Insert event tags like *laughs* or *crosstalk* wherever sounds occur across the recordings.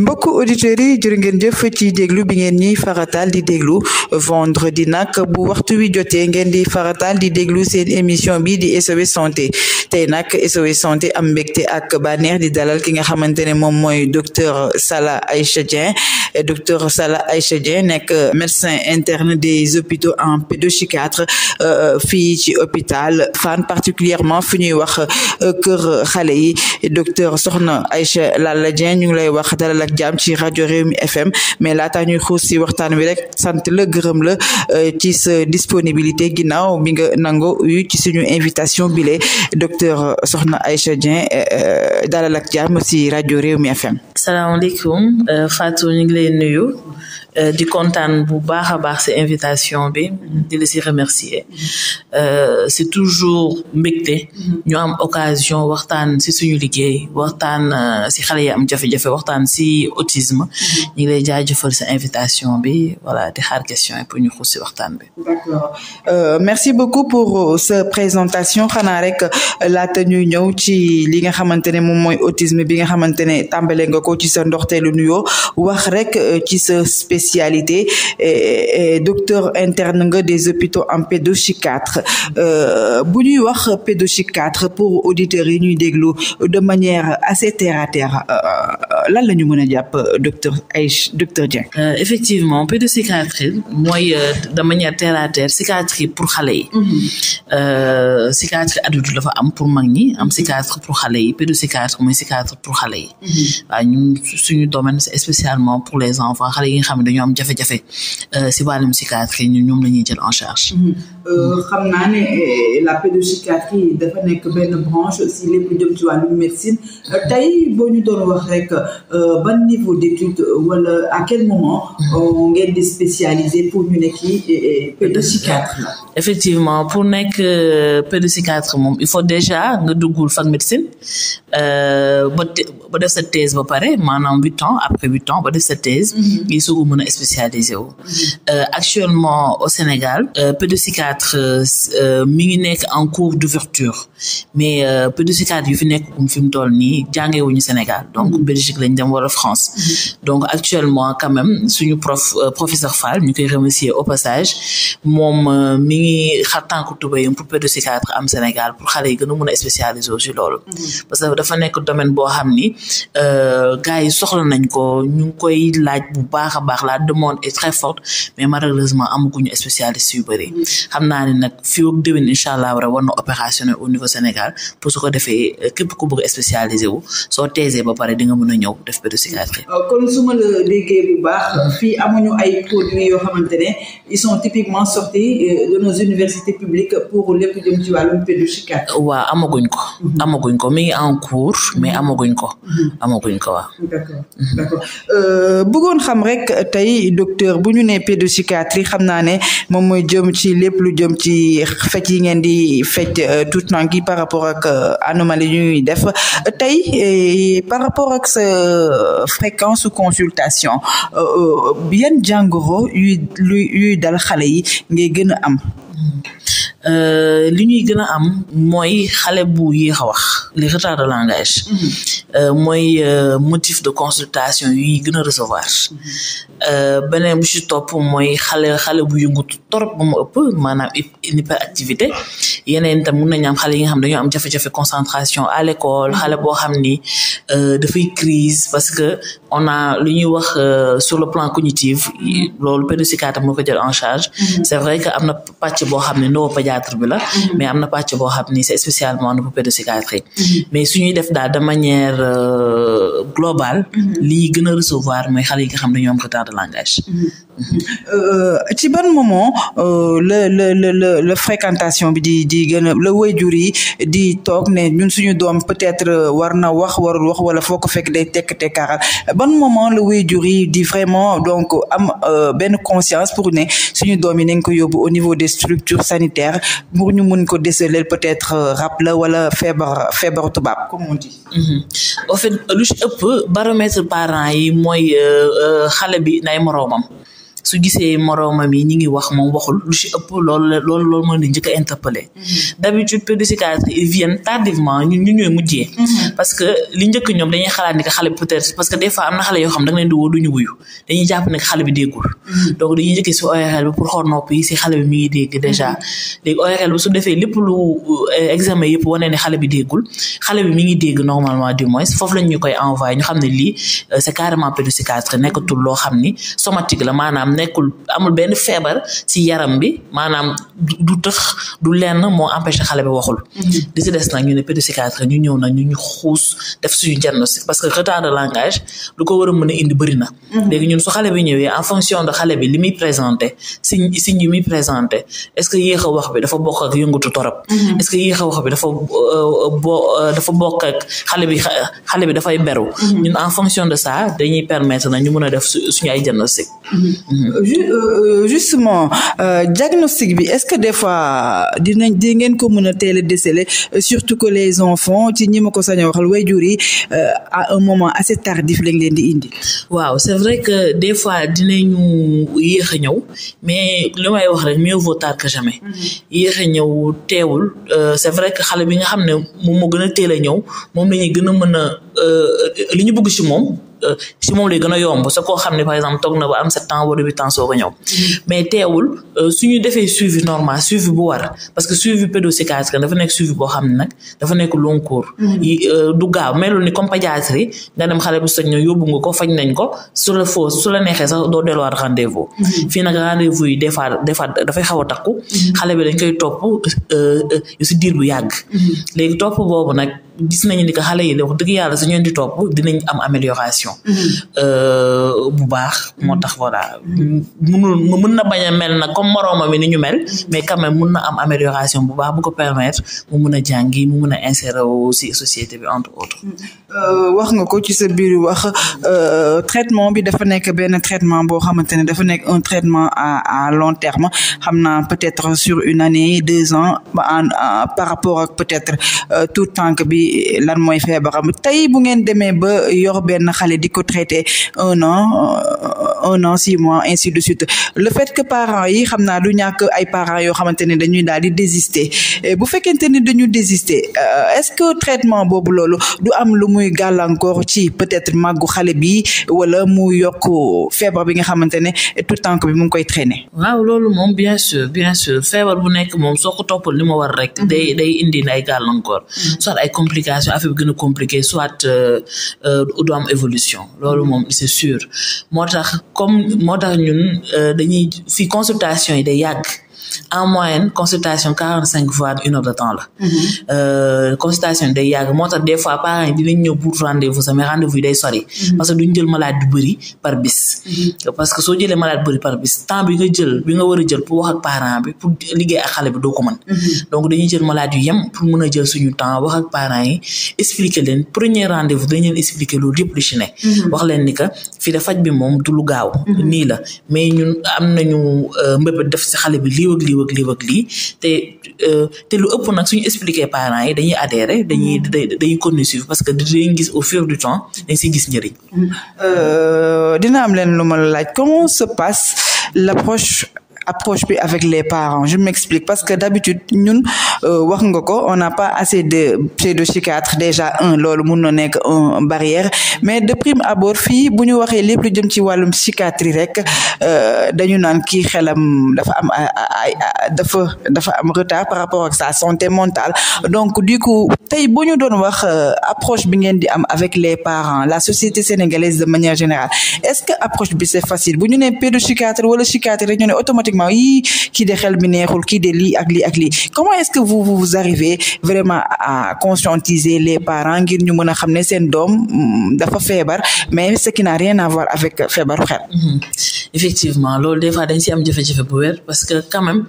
mbokk auditeurs yi jërë ngeen jëf ci déglu bi ngeen ñiy faratal di déglu vendredi nag bu waxtu wi jotee ngeen di faratal di déglu seen émission bi di SOS santé tey nag SOS santé am mbégte ak bànneex di dalal ki nga xamante ne moom mooy docteur Salla Aïcha Dieng docteur Salla Aïcha Dieng nekk médecin internet des hôpitaux en pédopsychiatre euh, fii ci hôpital Fann particulièrement fu ñuy wax euh, kër xale yi docteur Soxna Aïcha Lalla Dieng ñu ngi lay wax dalal dalal ak jàmm ci rajo Rewmi FM mais laataa ñuy xuus waxtaan wi rek sant la gërëm la euh, ci sa disponibilité ginnaaw bi nga nango yu ci suñu invitation bile docteur soxna Sokhna Aïcha Dieng euh, euh, dalal ak jàmm si rajo Rewmi FM. salaamaaleykum Fatou ñu ngi lay nuyu. Euh, di kontaan bu baax a baax si invitation bi di la si remercier euh, si toujours mbégte ñu am occasion waxtaan si suñu liggéey waxtaan si euh, xale yi am jafe-jafe waxtaan si autisme mhm. ñu ngi lay jaajëfal sa invitation bi voilà di xaar question yi pour ñu xuus si waxtaan bi merci beaucoup pour sa présentation xanaa rek laata ñu ñëw ci li nga xamante ne moom mooy autisme bi nga xamante ne tàmbale nga ko ci sa ndoxteelu nuyoo wax rek ci sa spécialité et docteur interne nga des hôpitaux en pédopsychiatre euh, bu ñuy wax pédopsychiatre pour auditeurs yi ñuy déglu de manière assez terre à terre euh, euh, lan la ñu mun a jàpp docteur Aïch docteur Dieng. effectivement pédopsychiatrie mooy de manière terre à terre psychiatrie pour xale yi. psychiatrie mhm. adulte dafa am pour mag ñi am psychiatre pour xale yi pédopsychiatre mooy psychiatre pour xale yi. Mhm. waaw suñu domaine c'est pour les enfants xale yi nga xam ne dañoo am jafe-jafe euh, si wàllum psychiatrie ñu ñoom la ñuy jël en charge. Mm-hmm. Euh, xam naa ne euh, la pédopsychiatrie dafa nekk benn branche si lépp lu jëm médecine tey boo ñu doon wax rek ba niveau d'étude wala à quel moment mm-hmm. ngeen di spécialisé pour ñu nekk pédopsychiatre la. effectivement pour nekk pédopsychiatre moom il faut déjà nga duggul fac médecine ba ba def sa thèse ba pare maanaam huit après huit ba def sa thèse. Mm-hmm. a spécialisé wu. Euh, actuellement au Sénégal. Euh, pédopsychiatre euh, mi ngi nekk en cours d'ouverture mais pédopsychiatre yu fi nekk fi mu toll nii jàngewuñu Sénégal donc mm-hmm. Belgique lañ dem wala France. Mm-hmm. donc actuellement quand suñu prof professeur Fall ñu koy remercier au passage moom mi ngi xar tànku tubéyam pour pédopsychiatre am Sénégal pour xale yi gën a mën a spécialiser ci loolu. Mm-hmm. parce que dafa nekk domaine boo xam ni gars soxla nañ ko ñu koy laaj bu baax a baax la demande est très forte mais malheureusement amaguñu spécialiste yu bëri xam naa ne nag fii ak déwén incha allah war war na opérationnel au niveau pour su ko defee euh, képp ku bëgg spécialisé wu soo ba pare di nga mën a ñëw def pédopsychiatrie. Euh, kon su ma la hmm. amuñu ay produits yoo xamante euh, de nos universités publiques pour lépp waaw amaguñ ko. Hmm. amaguñ ko mi ngi en cours mais hmm. amaguñ ko. amaguñ ko waaw. d'accord xam rek tey docteur bu ñu nee pédopsychiatrie xam naa ne moom mooy jëm ci lépp lu jëm ci fecc yi ngeen di fecc euh, tout temps gi par rapport ak euh, anomalie yu ñuy def tey euh, par rapport ak sa fréquence consultation yan jàngoro yuy luy yuy dal xale yi ngay gën a am Euh, li ñuy gën a am mooy xale bu yéex a wax les retards de langage mm-hmm. euh, mooy euh, motif de consultation yu ñuy gën a recevoir mm-hmm. beneen bu ci mooy xale xale bu yëngutu trop ba mu ëpp maanaam hyperactivité yeneen itam mun nañu am xale yi nga xam dañoo am jafe-jafe concentration à l'école xale boo xam ni dafay crise parce que on a lu ñuy wax sur le plan cognitif loolu pédopsychiatre moo ko jël en charge mm-hmm. c'est vrai que am na pàcc boo xam ne neuropédiatre bi la mhm. mais am na pàcc boo xam ni c'est spécialement nu pédopsychiatrie mhm. Mhm. mais suñuy def daal de manière euh, globale lii gën a recevoir mooy xale yi nga xam ne ñoom retard de langage Euh, ci ban moment euh, la la la la fréquentation bi di di gën a la waajur yi di toog ne ñun suñu doom peut-être euh, war na wax warul wax wala foo ko fekk day tekk tekkaaral ban moment la waajur yi di vraiment donc am benn conscience pour ne suñu doom yi nañ ko yóbbu au niveau des structures sanitaires pour ñu mun ko déceler peut-être rab la wala feebar feebar tubaab comme on dit. Mhm. au fait lu ci ëpp baromètre parents yi mooy xale bi nay moroomam. su gisee moroomam yi ñu ngi wax moom waxul lu si ëpp loolu la loolu loolu moo leen njëkk a interpellé mhm. d'habitude pédopsychiatre ils viennent tardivement ñu ñu ñooy mujjee mhm. parce que li njëkk ñoom dañuy xalaat ni xale peut-être parce que des fois am na xale yoo xam da nga leen bi déggul mhm. donc dañuy njëkkee si ORL bi xale bi mi ngi dégg déjà léegi ORL lépp lu euh, examen yëpp wane ne xale bi déggul xale bi mi ngi dégg normalement du moins foofu lañ koy envoyé ñu xam ne lii euh, c'est carrément pédopsychiatre nekkatul loo xam ni somatique la maanaam am nekkul amul benn feebar si yaram bi maanaam du tëx du lenn moo empêché xale bi waxul di mhm. si des nag ñu ne pédopsychiatre ñu ñëw nag ñu ñu xuus def suñu diagnostic parce que retard de langage lu ko war a mën a indi bëri na mhm. léegi ñun su xale bi ñëwee en fonction de xale bi li muy présenté si signe yu muy présenté est-ce que yéex a wax bi dafa bokk ak torop mhm. est que yéex a wax bi dafa euh, euh, bo euh, dafa bokk xale bi xale bi dafay beru ñun en fonction de ça dañuy permettre na ñu mën a def suñu ay diagnostic Euh, euh, euh, justement diagnostic bi est-ce que des fois dinañ di ngeen ko mën a teel a déceler surtout que les enfants ci ñi ma ko sañ a waxal waajur yi à un moment assez tardif lañ leen di indi. waaw c'est vrai que des fois dinañu yéex a ñëw mais li may wax rek mieux vaut tard que jamais. Mm-hmm. yéex a ñëw teewul c'est vrai que xale bi nga xam ne moom moo gën a teel a ñëw moom la ñuy gën a mën a li ñu bëgg ci moom. si moom lay gën a yomb sa koo xam ne par exemple toog na ba am sept ans wala huit ans soo ko ñëw mm. mais teewul euh, suñu defee suivi xam ne dafa nekk long cours mm. euh, du gaaw melul ni comme pédiatrie nga dem xale bu soñ ñëw yóbbu nga ko faj nañ ko sur le faux su la neexee sax doo delluwaat rendez-vous mm. fii nag rendez-vous des fois des fois dafay xaw a takku xale bi dañ koy topp euh, si diir bu yàgg boobu nag gis nañu ni que xale yi wax dëgg yàlla su ñu leen di topp dinañ am amélioration. Mhm. Euh, bu baax moo tax voilà munul mun na bañ a mel nag comme moroomam mi ni ñu mel. mais quand même mun na am amélioration bu baax bu ko permettre mu mun a jàngi mu mun a insérer aussi société bi entre autres. Mhm. Euh, wax nga ko ci sa biir wax euh, traitement bi dafa nekk benn traitement boo xamante ne dafa nekk un traitement à à long terme xam naa peut-être sur une année deux ans par rapport ak peut-être tout temps bi lan mooy feebaram tey bu ngeen demee ba yor benn xale di ko traité un an euh, un an six mois ainsi de suite le fait que parents yi xam naa du ñàkk ay parents yoo xamante ne dañuy daal di désister bu fekkente ni désisté désister euh, est-ce que traitement boobu loolu du am lu muy gàllankoor ci peut-être màggu xale bi wala mu yokk feebar bi nga xamante ne tout tànk bi mu ngi koy traîner. waaw loolu moom bien sûr bien sûr feebar bu nekk moom soo ko toppal li ma war rek. Mm-hmm. day ay gàllankoor. Mm-hmm. complication affaire bi gën a compliqué soit euh, euh, du am évolution loolu moom c'est sûr moo tax comme moo tax ñun euh, dañuy fi consultation yi day yàgg en moyenne consultation quarante cinq fois une heure de temps la. Mm-hmm. Euh, consultation day yàgg moo tax des fois parents yi dinañ ñëw pour rendez-vous sax mais rendez-vous yi day sori. Mm-hmm. parce que duñ jël malade bu bëri par bis. Mm-hmm. bi nga jël bi nga war a jël pour wax ak parent bi pour liggéey ak xale bi doo donc dañuy jël malade yem pour mën a jël suñu temps wax ak parents yi expliquer leen premier rendez-vous dañ leen expliquer loolu yëpp lu ci wax leen ni que fii da faj bi moom du lu gaaw mhm. nii la mais ñun am nañu euh, mbébét def si xale bi lii ak lii ak lii ak te euh, te lu ëpp nag suñu expliquer parents yi dañuy adhérer dañuy mhm. dañuy continuer suivre parce que dañuy gis au fur du temps dañ siy gis njëriñ euh, dina am leen lu ma laaj comment se passe l'approche approche bi avec les parents je m'explique parce que d'habitude ñun euh, wax nga ko on n'a pas assez de pédopsychiatre déjà un loolu mun na nekk un barrière mais de prime abord fii bu ñu waxee lépp lu jëm ci wàllum psychiatrie rek euh, dañu naan kii xelam dafa am dafa dafa am retard par rapport ak sa santé mentale donc du coup tey bu ñu doon wax euh, approche bi ngeen di am avec les parents la société sénégalaise de manière générale est-ce que approche bi c'est facile bu ñu nee automatiquement yii kii de xel bi neexul kii de lii ak li ak li comment est-ce que vous vous arrivez vraiment à conscientiser les parents ngir ñu mën a xam ne seen doom mm, dafa feebar mais ce qui n'a rien à voir avec feebaru xel. Mhm. effectivement loolu des fois dañ si am jafe-jafe bu wér parce que quand même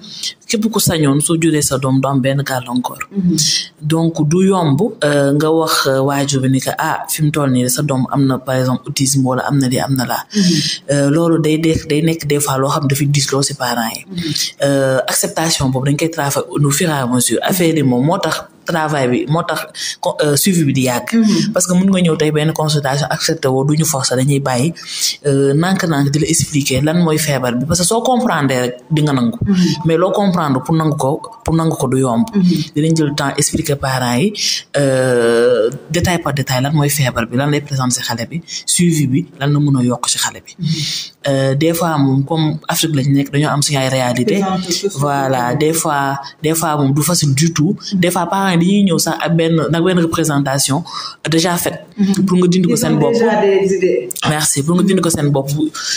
képp ku sañoon soo juree sa doom du am benn gàllankoor. Mm-hmm. donc du yomb euh, nga wax euh, waajur bi ni que ah fi mu toll nii sa doom am na par exemple autisme wala am na lii am na laa. Mm-hmm. Euh, loolu day de day nekk des fois loo xam dafay diis loo si parents yi. Mm-hmm. acceptation boobu dañ koy travailler au fur et affaire yi moom moo tax. travail bi moo tax euh, suivi bi di yàgg. Mm-hmm. parce que mun nga ñëw tey benn consultation accepté woo du ñu forcer dañuy bàyyi euh, nànk-nànk di la expliquer lan mooy feebar bi parce que soo comprendre rek di nga nangu. Mm-hmm. mais loo comprendre pour nangu ko pour nangu ko du yomb. Mm-hmm. dinañ jël temps expliquer parents yi euh, détail par détail lan mooy feebar bi lan lay présenter si xale bi suivi bi lan la mun a yokk si xale bi. des fois moom comme Afrique lañu nekk dañoo am suñu ay réalité voilà des fois des fois moom du facile du tout des fois parents yi dañuy ñëw sax ak benn nag benn représentation déjà faite mhm. pour nga dindi ko seen bopp merci pour nga dindi ko seen bopp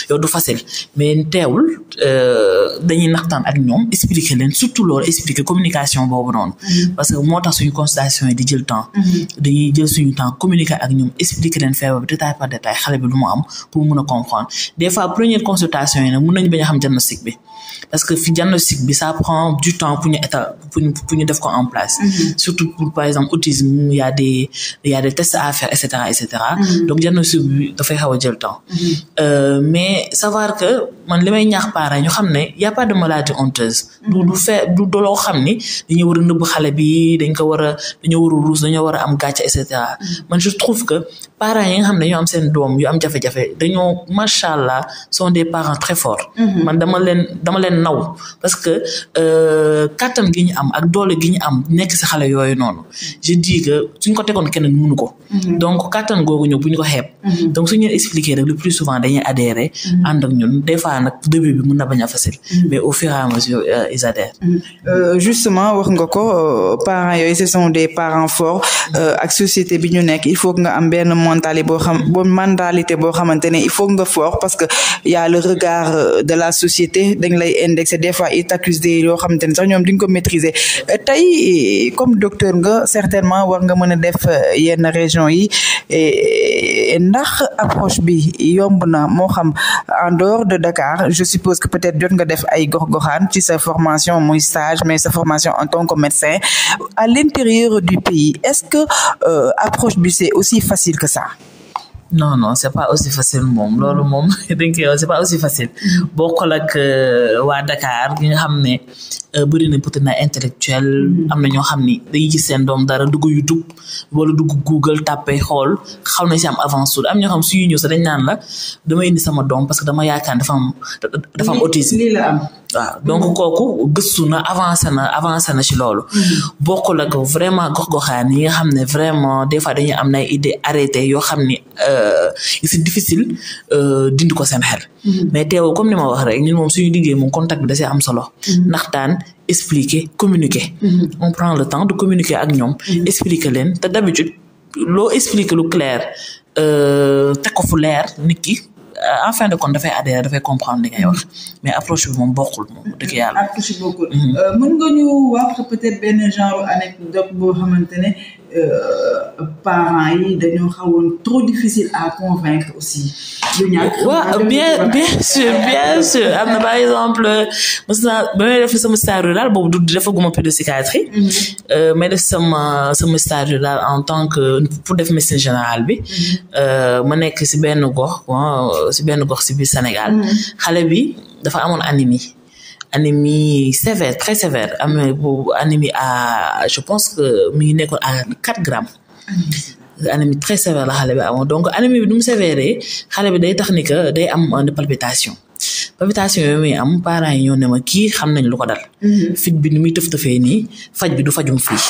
yow du facile mais teewul euh, dañuy naxtaan ak ñoom expliquer leen surtout loolu expliquer communication boobu noonu mhm. parce que moo tax suñ consultation yi di jël temps mhm. dañuy jël suñu temps communiquer ak ñoom expliquer leen feebar bi détail par détail xale bi lu mu am pour mun a comprendre des première consultation yi nag mun nañu bañ parce que fi diagnostic bi ça prend du temps pour état pour def ko en place. Mm-hmm. surtout pour par exemple autisme y a des y a des tests à faire et cetera et cetera. Mm-hmm. donc diagnostic bi dafay xaw a jël temps. Mm-hmm. Euh, mais savoir que man li ñaax parents ñu xam ne y a pas de maladie honteuse. du du fee du doloo xam ni dañoo war a nëbb xale bi dañ ko war a dañoo war ruus dañoo war a am gàcce et man je trouve que. parents yi nga xam ne ñoo am seen doom yu am jafe-jafe dañoo macha allah sont des parents très forts. Mhm. man dama leen naw parce que euh, kàttan gi ñu am doole gi ñu am nekk si xale yooyu noonu je dis que suñ ko tegoon keneen mënu ko. Mhm. donc kàttan googu ñëw bu ñu ko xeeb. Mhm. donc suñu leen expliquer rek le plus souvent dañuy adhérer. ànd ak ñun des fois nag début bi mën na bañ a facile. mais au fur et à mesure euh, euh, justement wax nga parents yooyu ce sont des parents forts ak société bi ñu nekk mentalité boo xam bo mentalité boo xamante ne il faut nga fort parce que y a regard euh, de la société dañ lay indexé des fois ils t'accusent de yoo xamante ne sax ñoom duñ ko maîtriser euh, tey comme docteur nga certainement war nga mën a def euh, yenn région yi ndax approche bi yomb na moo xam en dehors de Dakar je suppose que peut-être jot nga def ay gox-goxaan ci sa formation muy stage mais sa formation en tant que médecin à l'intérieur du pays est-ce que approche bi c'est aussi facile que ça ça non non c'est pas aussi facile moom mm. loolu moom *laughs* dañ koy wax c'est pas aussi facile mm. bokkul ak euh, waa Dakar nga xam ne euh, bëri na peut-être na intellectuel mm. am na ñoo xam ni day gis seen doom dara dugg YouTube wala dugg Google tàppee xool xaw na si am avance tuuti am ñoo xam suñuy ñëw sax dañ naan la dama indi sama doom parce que dama yaakaan dafa am dafa am autisme lii donc kooku gëstu na avancé na avancé na si loolu bokkul ak vraiment gox-goxaan nga xam ne vraiment des fois am nay idée arrêté yoo xam ni euh, c'est euh, difficile euh, dindi ko seen xel. Mm-hmm. mais teewul comme ni ma wax rek ñun moom suñu liggéey moom contact bi da see am solo. Mm-hmm. naxtaan expliquer communiquer. Mm-hmm. on prend le temps de communiquer ak ñoom. expliquer leen te d'habitude loo expliquer lu clair euh, teg ko fu leer nit ki. de compte dafay adhéré dafay comprendre li ngay wax mais approche bi moom bokkul moom dëgg yàlla. approche bokkul. mën nga ñu wax peut benn genre anecdote boo xamante ne Euh, parents yi dañoo xawoon trop difficile am na par exemple mos naa ba may def sama stage rural boobu du defaguma pédopsychiatrie. Mhm. Euh, may def sama sama stage rural en tant que pour def médecine générale bi. Mhm. Euh, ma nekk si benn gox si benn gox si biir Sénégal. Mhm. xale bi dafa amoon anémie. anémie sévère très sévère am na boobu anémie à je pense mi ngi nekkoon à quatre grammes anémie très sévère la xale bi amoon donc anémie bi nu mu sévère xale bi day tax ni que day am une euh, palpitation palpitation yooyu muy am parent yi ñoo ne ma kii xam nañ lu ko dal mhm. fit bi ni muy tëf tëfee nii faj bi du fajum fii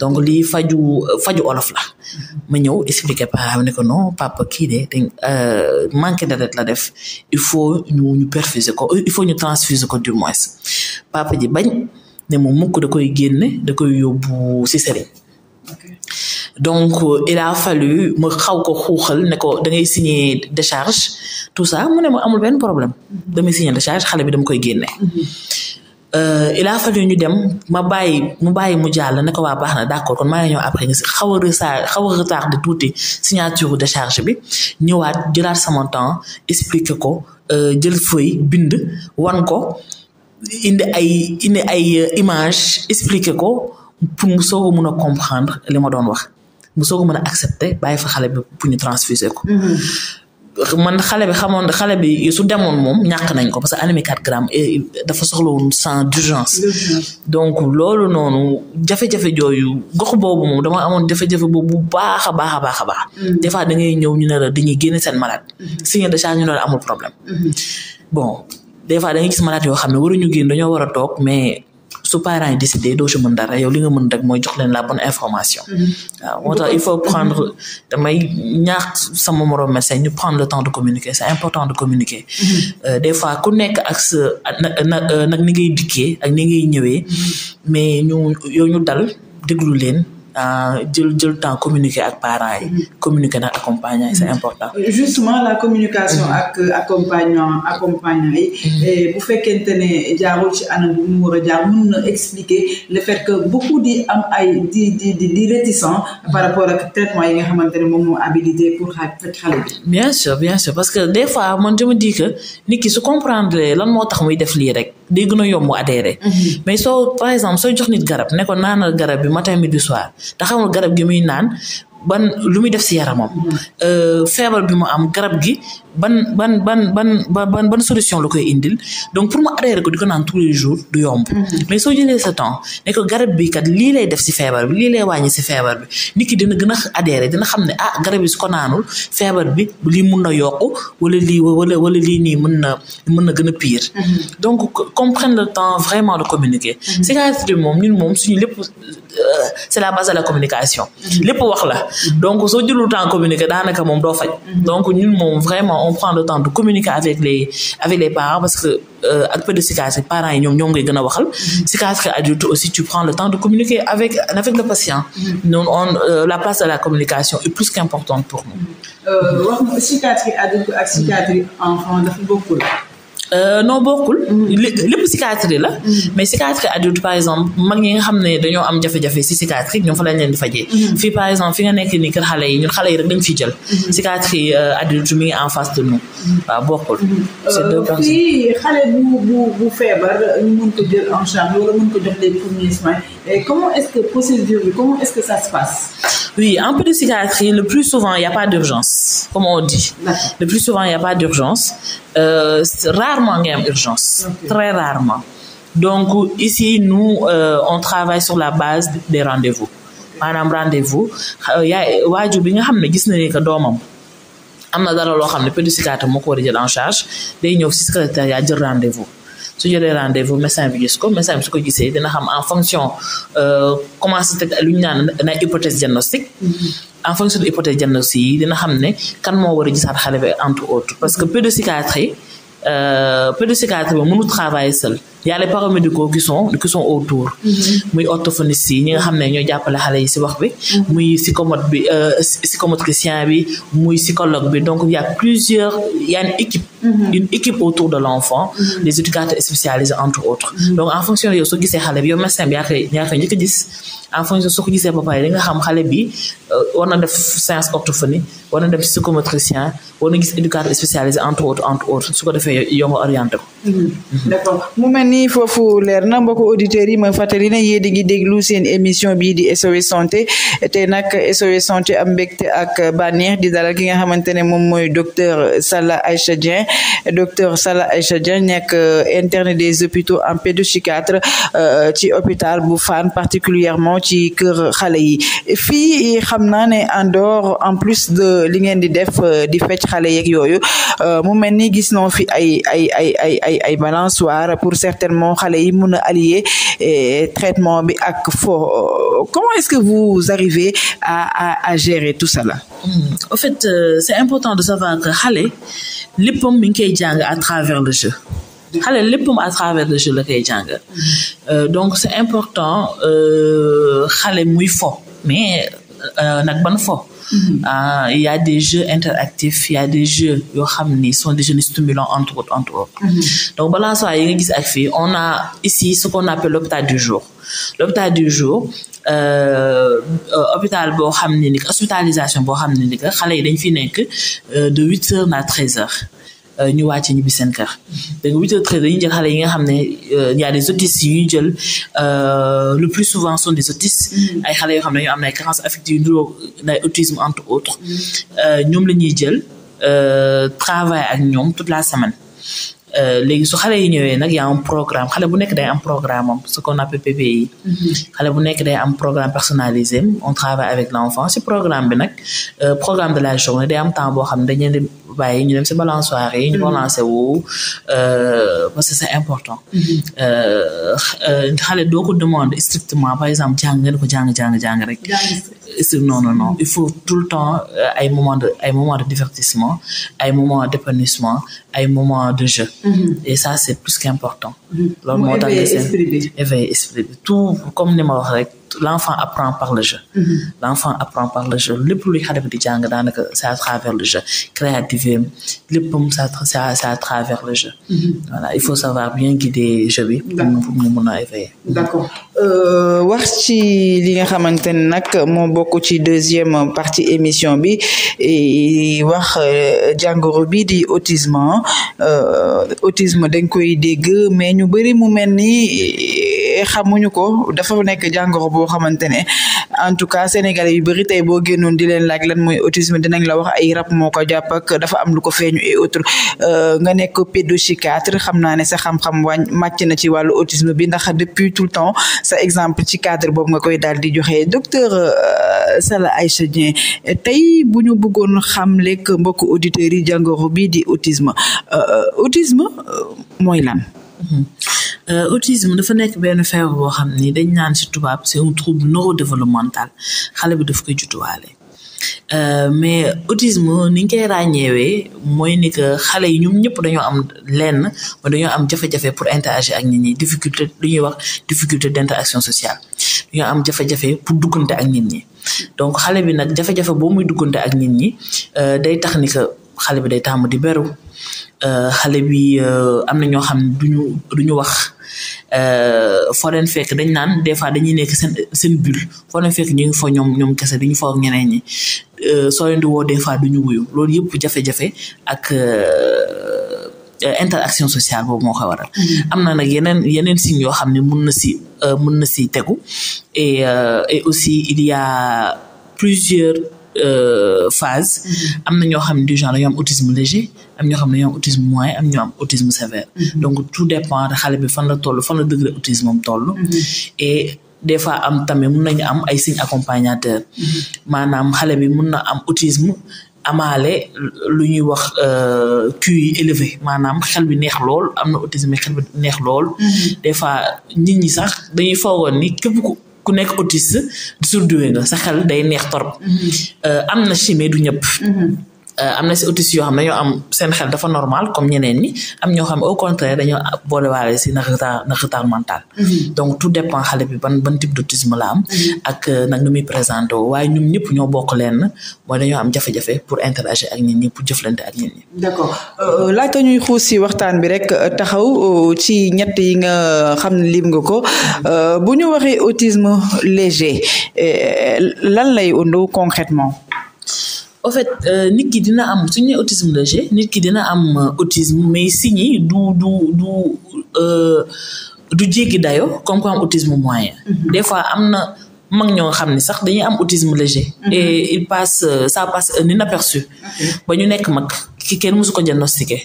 donc lii faju faju olof la mhm. ma ñëw expliquer parents ne ko non papa kii de dañ euh, manqué da deret la def il faut ñu ñu perfuser ko il faut ñu transfuser ko du moins papa ji bañ ne mu mukk da koy génne da koy yóbbu si sëriñ donc euh, il a fallu ma xaw ko xuuxal ne ko da ngay signer décharge tout ça mu ne ma amul benn problème damay signer décharge xale bi dam koy génne. Euh, il a fallu ñu dem ma bàyyi mu bàyyi mu jàll ne ko waa baax na d'accord kon maa ngi ñëw après nga si xaw a retard xaw a retardé tuuti signature décharge bi ñëwaat jëlaat sama temps expliquer ko euh, jël feuille bind wan ko. indi ay indi ay image expliquer ko pour mu soog mun a comprendre li ma doon wax mu soog a mën a accepter bàyyi fa xale bi pour ñu transfuser ko. man xale bi xamoon xale bi su demoon moom ñàkk nañ ko parce que anémie 4 grammes dafa soxlawul sang d'urgence donc loolu noonu jafe-jafe jooyu gox boobu moom dama amoon jafe-jafe boobu bu baax a baax a baax a baax mm. des fois ngay ñëw ñu ne la dañuy génne seen malade mm-hmm. signe de charge ñu ne la amul problème mm-hmm. bon des fois gis malade yoo xam ne waruñu génn dañoo war a toog mais su parents yi décidé doo ci mën dara yow li nga mën rek mooy jox leen la bonne information. Mm-hmm. waaw moo tax il faut prendre damay ñaax sama moroom médecin ñu prendre le temps de communiquer c'est important de communiquer. Mm-hmm. Euh, des fois ku nekk ak nag euh, nag ni dikkee ak ni ñëwee mm-hmm. mais ñu yow dal déglu leen. Euh, jël jël temps communiquer ak parents yi. Mm-hmm. communiquer nag accompagnant yi c'est mm-hmm. important. Euh, justement la communication mm-hmm. ak euh, accompagnant accompagnant yi. bu fekkente ne jaarul ci anam mu war na expliquer le fait que beaucoup di am ay di di di réticent par rapport ak traitement yi nga xamante ne moom moo habilité pour faj xale bi. bien sûr bien sûr parce que des fois man je nit ki su comprendre lan moo tax muy def lii rek. day gën a yomb adhéré mm-hmm. mais so par exemple soo jox nit garab ne ko naanal garab bi matin du soir te xamul garab gi muy naan ban lu muy def si yaramam mm-hmm. euh, feebar bi mu am garab gi ban ban ban ban ban ban solution la koy indil donc pour mu arrêter ko di ko naan tous les jours du yomb. Mhm. mais soo jëlee sa temps ne ko garab bi kat lii lay def si feebar bi lii lay wàññi si feebar bi nit ki dina gën a adhéré dana xam ne ah garab bi su ko naanul feebar bi lii mun na yokku wala lii wala wala lii nii mën na mën na gën a pire. Mhm. donc comprendre le temps vraiment de communiquer. Mhm. cicatrice bi moom ñun moom suñu lépp euh, la base de communication. lépp wax la donc soo jëlul temps communiquer daanaka moom doo faj. donc ñun moom vraiment. on prend le temps de communiquer avec les avec les parents parce que euh, ak pédopsychiatrie parents yi ñoom ñoom ngay gën a waxal psychiatrie mm-hmm. adulte aussi tu prends le temps de communiquer avec avec le patient mm-hmm. non on euh, la place de la communication est plus qu'importante pour nous euh, wax nga psychiatrie adulte ak psychiatrie enfant dafa bokkul Euh, noo bokkul mm. lépp psychiatrie la mm. mais psychiatrie adulte par exemple mag ñi nga xam ne dañoo am jafe-jafe si psychiatrie ñoom fa lañ leen di fajee mm. fii par exemple fi nga nekk nii kër xale yi ñun xale yi rek dañ fiy jël psychiatrie euh, adulte mi ngi en face de nous waaw bokkul c'est euh, xale bu bu feebar ñu mën ko jël en charge wala mën ko Et comment est-ce en pédopsychiatrie, le plus souvent, il n'y a pas d'urgence, comme on dit. D'accord. Le plus souvent, il n'y a pas d'urgence. Euh, rarement il y urgence, très rarement. Donc ici, nous, euh, on travaille sur la base des rendez-vous. maanaam rendez-vous euh, yaa waajur bi nga xam ne gis na ni que doomam am na dara loo xam ne pédopsychiatre moo ko a jël en charge day ñëw ci secrétariat jël rendez-vous. su jëlee rendez-vous médecin bi gis ko message bi su ko gisee dina xam en fonction euh, commencé teg lu ñu naan nay hypothèse diagnostique mm-hmm. en fonction de hypothèse diagnostique yi dina xam ne kan moo war a gisaat xale bi entre autres parce que pédopsychiatrie euh, pédopsychiatrie bi mënul travailler seul y a les paramédicaux qui sont qui sont autour mm-hmm. muy orthophoniste yi ñi nga xam ne ñoo jàppale xale yi si wax bi mm-hmm. muy psychomote bi euh, psychomotricien bi muy psychologue bi donc y a plusieurs y a une équipe mm-hmm. une équipe autour de l'enfant des éducateurs spécialisés entre autres donc en fonction de soo gisee xale bi yow médecin bi yaa koy yaa koy njëkk a gis en fonction soo ko gisee ba pare nga xam xale bi euh, war na def science orthophonie war na def psychomotricien war na gis éducateur spécialisé entre autres su ko defee yow nga ko ni foofu leer na mbokku auditeurs yi ma fàttali ne yéen a ngi déglu seen émission bii di SOS santé te nag SOS santé am mbégte ak bànneex di dalal ki nga xamante ne moom mooy docteur Salla Aïcha Dieng docteur Salla Aïcha Dieng nekk euh, interne des hôpitaux en pédopsychiatre euh, ci hôpital bu Fann particulièrement ci kër xale yi fii xam naa ne en dehors en plus de li ngeen di def euh, di fecc xale yeeg yooyu mu mel ni gis noo fi ay ay ay pour certains xamante moom xale yi mun a allier eh, traitement bi ak fo comment est-ce que vous arrivez à à, à gérer tout ça là. Hmm. fait euh, c'est important de savoir que xale léppam mi ngi koy jàng à travers le jeu. xale léppam à travers le jeu la koy jàng. Euh, donc c'est important euh, xale euh, muy fo mais nag ban fo. Mm-hmm. Ah, il y a des jeux interactifs il y des jeux yoo xam ni son des jeux stimulants entre autres entre autres mm-hmm. donc balançoire yi nga gis ak fii on a ici ce qu'on appelle l'hôpital du jour l'hôpital du jour euh, euh, hôpital boo xam ne ni hospitalisation boo xam ne ni que xale yi dañ fi nekk euh, de huit heures à treize heures Euh, ñu wàcc ñibbi seen kër donc huit heures treize dañuy jël xale yi nga xam ne ñaar euh, a des autistes yu ñu jël euh, le plus souvent sont des autistes mm. ay xale yoo xam ne ñu am na ay carence affective yu nduroog nay autisme entre autres mm. ñoom la ñuy jël travail ak ñoom toute la semaine léegi su xale yi ñëwee nag yaa am xale bu nekk day am programme am ce qu'on appelle mm-hmm. bu nekk day am programme personnalisé on travaille avec l'enfant si programme bi nag programme de la journée day temps xam ne bàyyi ñu dem si balançoire yi ñu mm-hmm. balancer wu euh, parce que c'est important mm-hmm. euh, euh, xale doo ko demande strictement par exemple jàng nga ko jàng jàng rek non non non il faut tout le temps ay moment de ay moment de divertissement ay moment d'épanouissement de jeu mm-hmm. et c'est plus qu'important loolu moo tax éveiller esprit bi tout comme ni ma wax rek l'enfant apprend par le jeu. Mm-hmm. l'enfant apprend par le jeu lépp luy xale di jàng daanaka c'est à travers le jeu créativité léppam c'est à travers le jeu. Mm-hmm. voilà il faut savoir bien guider jeu bi. pour mu mun a éveiller. Euh, wax ci li nga xamante ne nag ci deuxième partie émission bi wax euh, jàngoro bi di autisme euh, autisme dañ koy dégg mais ñu bari mu mel ni xamuñu ko dafa nekk jàngoro. boo xamante ne en tout cas sénégalais yu bëri tey boo génnoon di leen laaj lan mooy autisme dinañ la wax ay rab moo ko jàpp dafa am lu ko feeñu et autre euh, nga nekk pédopsychiatre xam naa ne sa xam-xam wàñ na ci wàllu autisme bi ndax depuis tout le temps sa exemple ci cadre boobu nga koy daal di joxe docteur euh, Salla Aïcha Dieng tey bu ñu bëggoon xam lekk mbokk auditeurs yi jàngoro bi di autisme euh, autisme mooy lan mm-hmm. Euh, autisme dafa nekk benn feebar boo xam ni dañ naan si tubaab c'est un trouble neurodéveloppemental xale bi daf koy jutuwaale euh, mais autisme ni ñu koy ràññeewee mooy ni que xale yi ñoom ñëpp dañoo am lenn mais dañoo am jafe-jafe pour interagir ak nit ñi difficulté lu ñuy wax difficulté d'interaction sociale dañoo am jafe pour duggante ak nit ñi donc xale bi nag jafe-jafe boo muy duggante ak nit ñi euh, day tax ni que xale bi day tàmm di beru Euh, xale bi euh, am na ñoo xam ne duñu ñu wax euh, foo leen fekk dañ naan des fois dañuy nekk seen seen bulle foo leen fekk ñu ngi ñoom ñoom kese duñu fa ak ñeneen ñi soo leen di woo des fois duñu wuyu loolu yëpp jafe-jafe ak interaction sociale boobu moo ko waral. Mm-hmm. am na nag yeneen yeneen signes yoo xam ne mun na si mun na si tegu et et aussi il y a plusieurs phases. Mm-hmm. am na ñoo xam ne du genre dañoo am autisme léger. am ñoo xam ne ñoo am autisme moyen am ñoo am autisme sévère mm-hmm. donc tout dépend de xale bi fan la toll fan la degré autisme am toll mm-hmm. et des fois am tamit mun nañu am ay signes accompagnateur mm-hmm. maanaam xale bi mun na am autisme amaale lu ñuy wax euh, QI élevé maanaam xel bi neex lool am na autisme xel neex lool des fois nit ñi sax dañuy foogoon ni képp ku nekk autiste surdoué nga sa xel day neex torop euh, am na chimie du ñëpp Euh, am na si autistes yoo xam ne dañoo am seen xel dafa normal comme ñeneen ñi am ñoo xam au contraire dañoo boolewaale si na retard na retard mental. Mhm. donc tout dépend xale bi ban ban type d'autisme la am. Mhm. ak euh, nag nu muy présenté waaye ñun ñëpp ñoo bokk leen mooy dañoo am jafe-jafe pour interagir ak nit ñi pour jëflante ak nit ñi. d'accord euh, laata ñuy xuus si waxtaan bi rek taxaw ci ñett yi nga xam ne lim nga ko mhm. bu ñu waxee autisme léger lan lay undu concrètement. au fait euh, nit ki dina am suñu ne autisme léger nit ki dina am euh, autisme mais signe yi du du du euh, du jéggi dayo comme quoi autisme moyen mhm. des fois am na mag ñoo xam ne sax dañuy am autisme léger mhm. et il passe ça passe na inaperçu mhm. ba ñu nekk mag ki kenn mësu ko diagnostiqué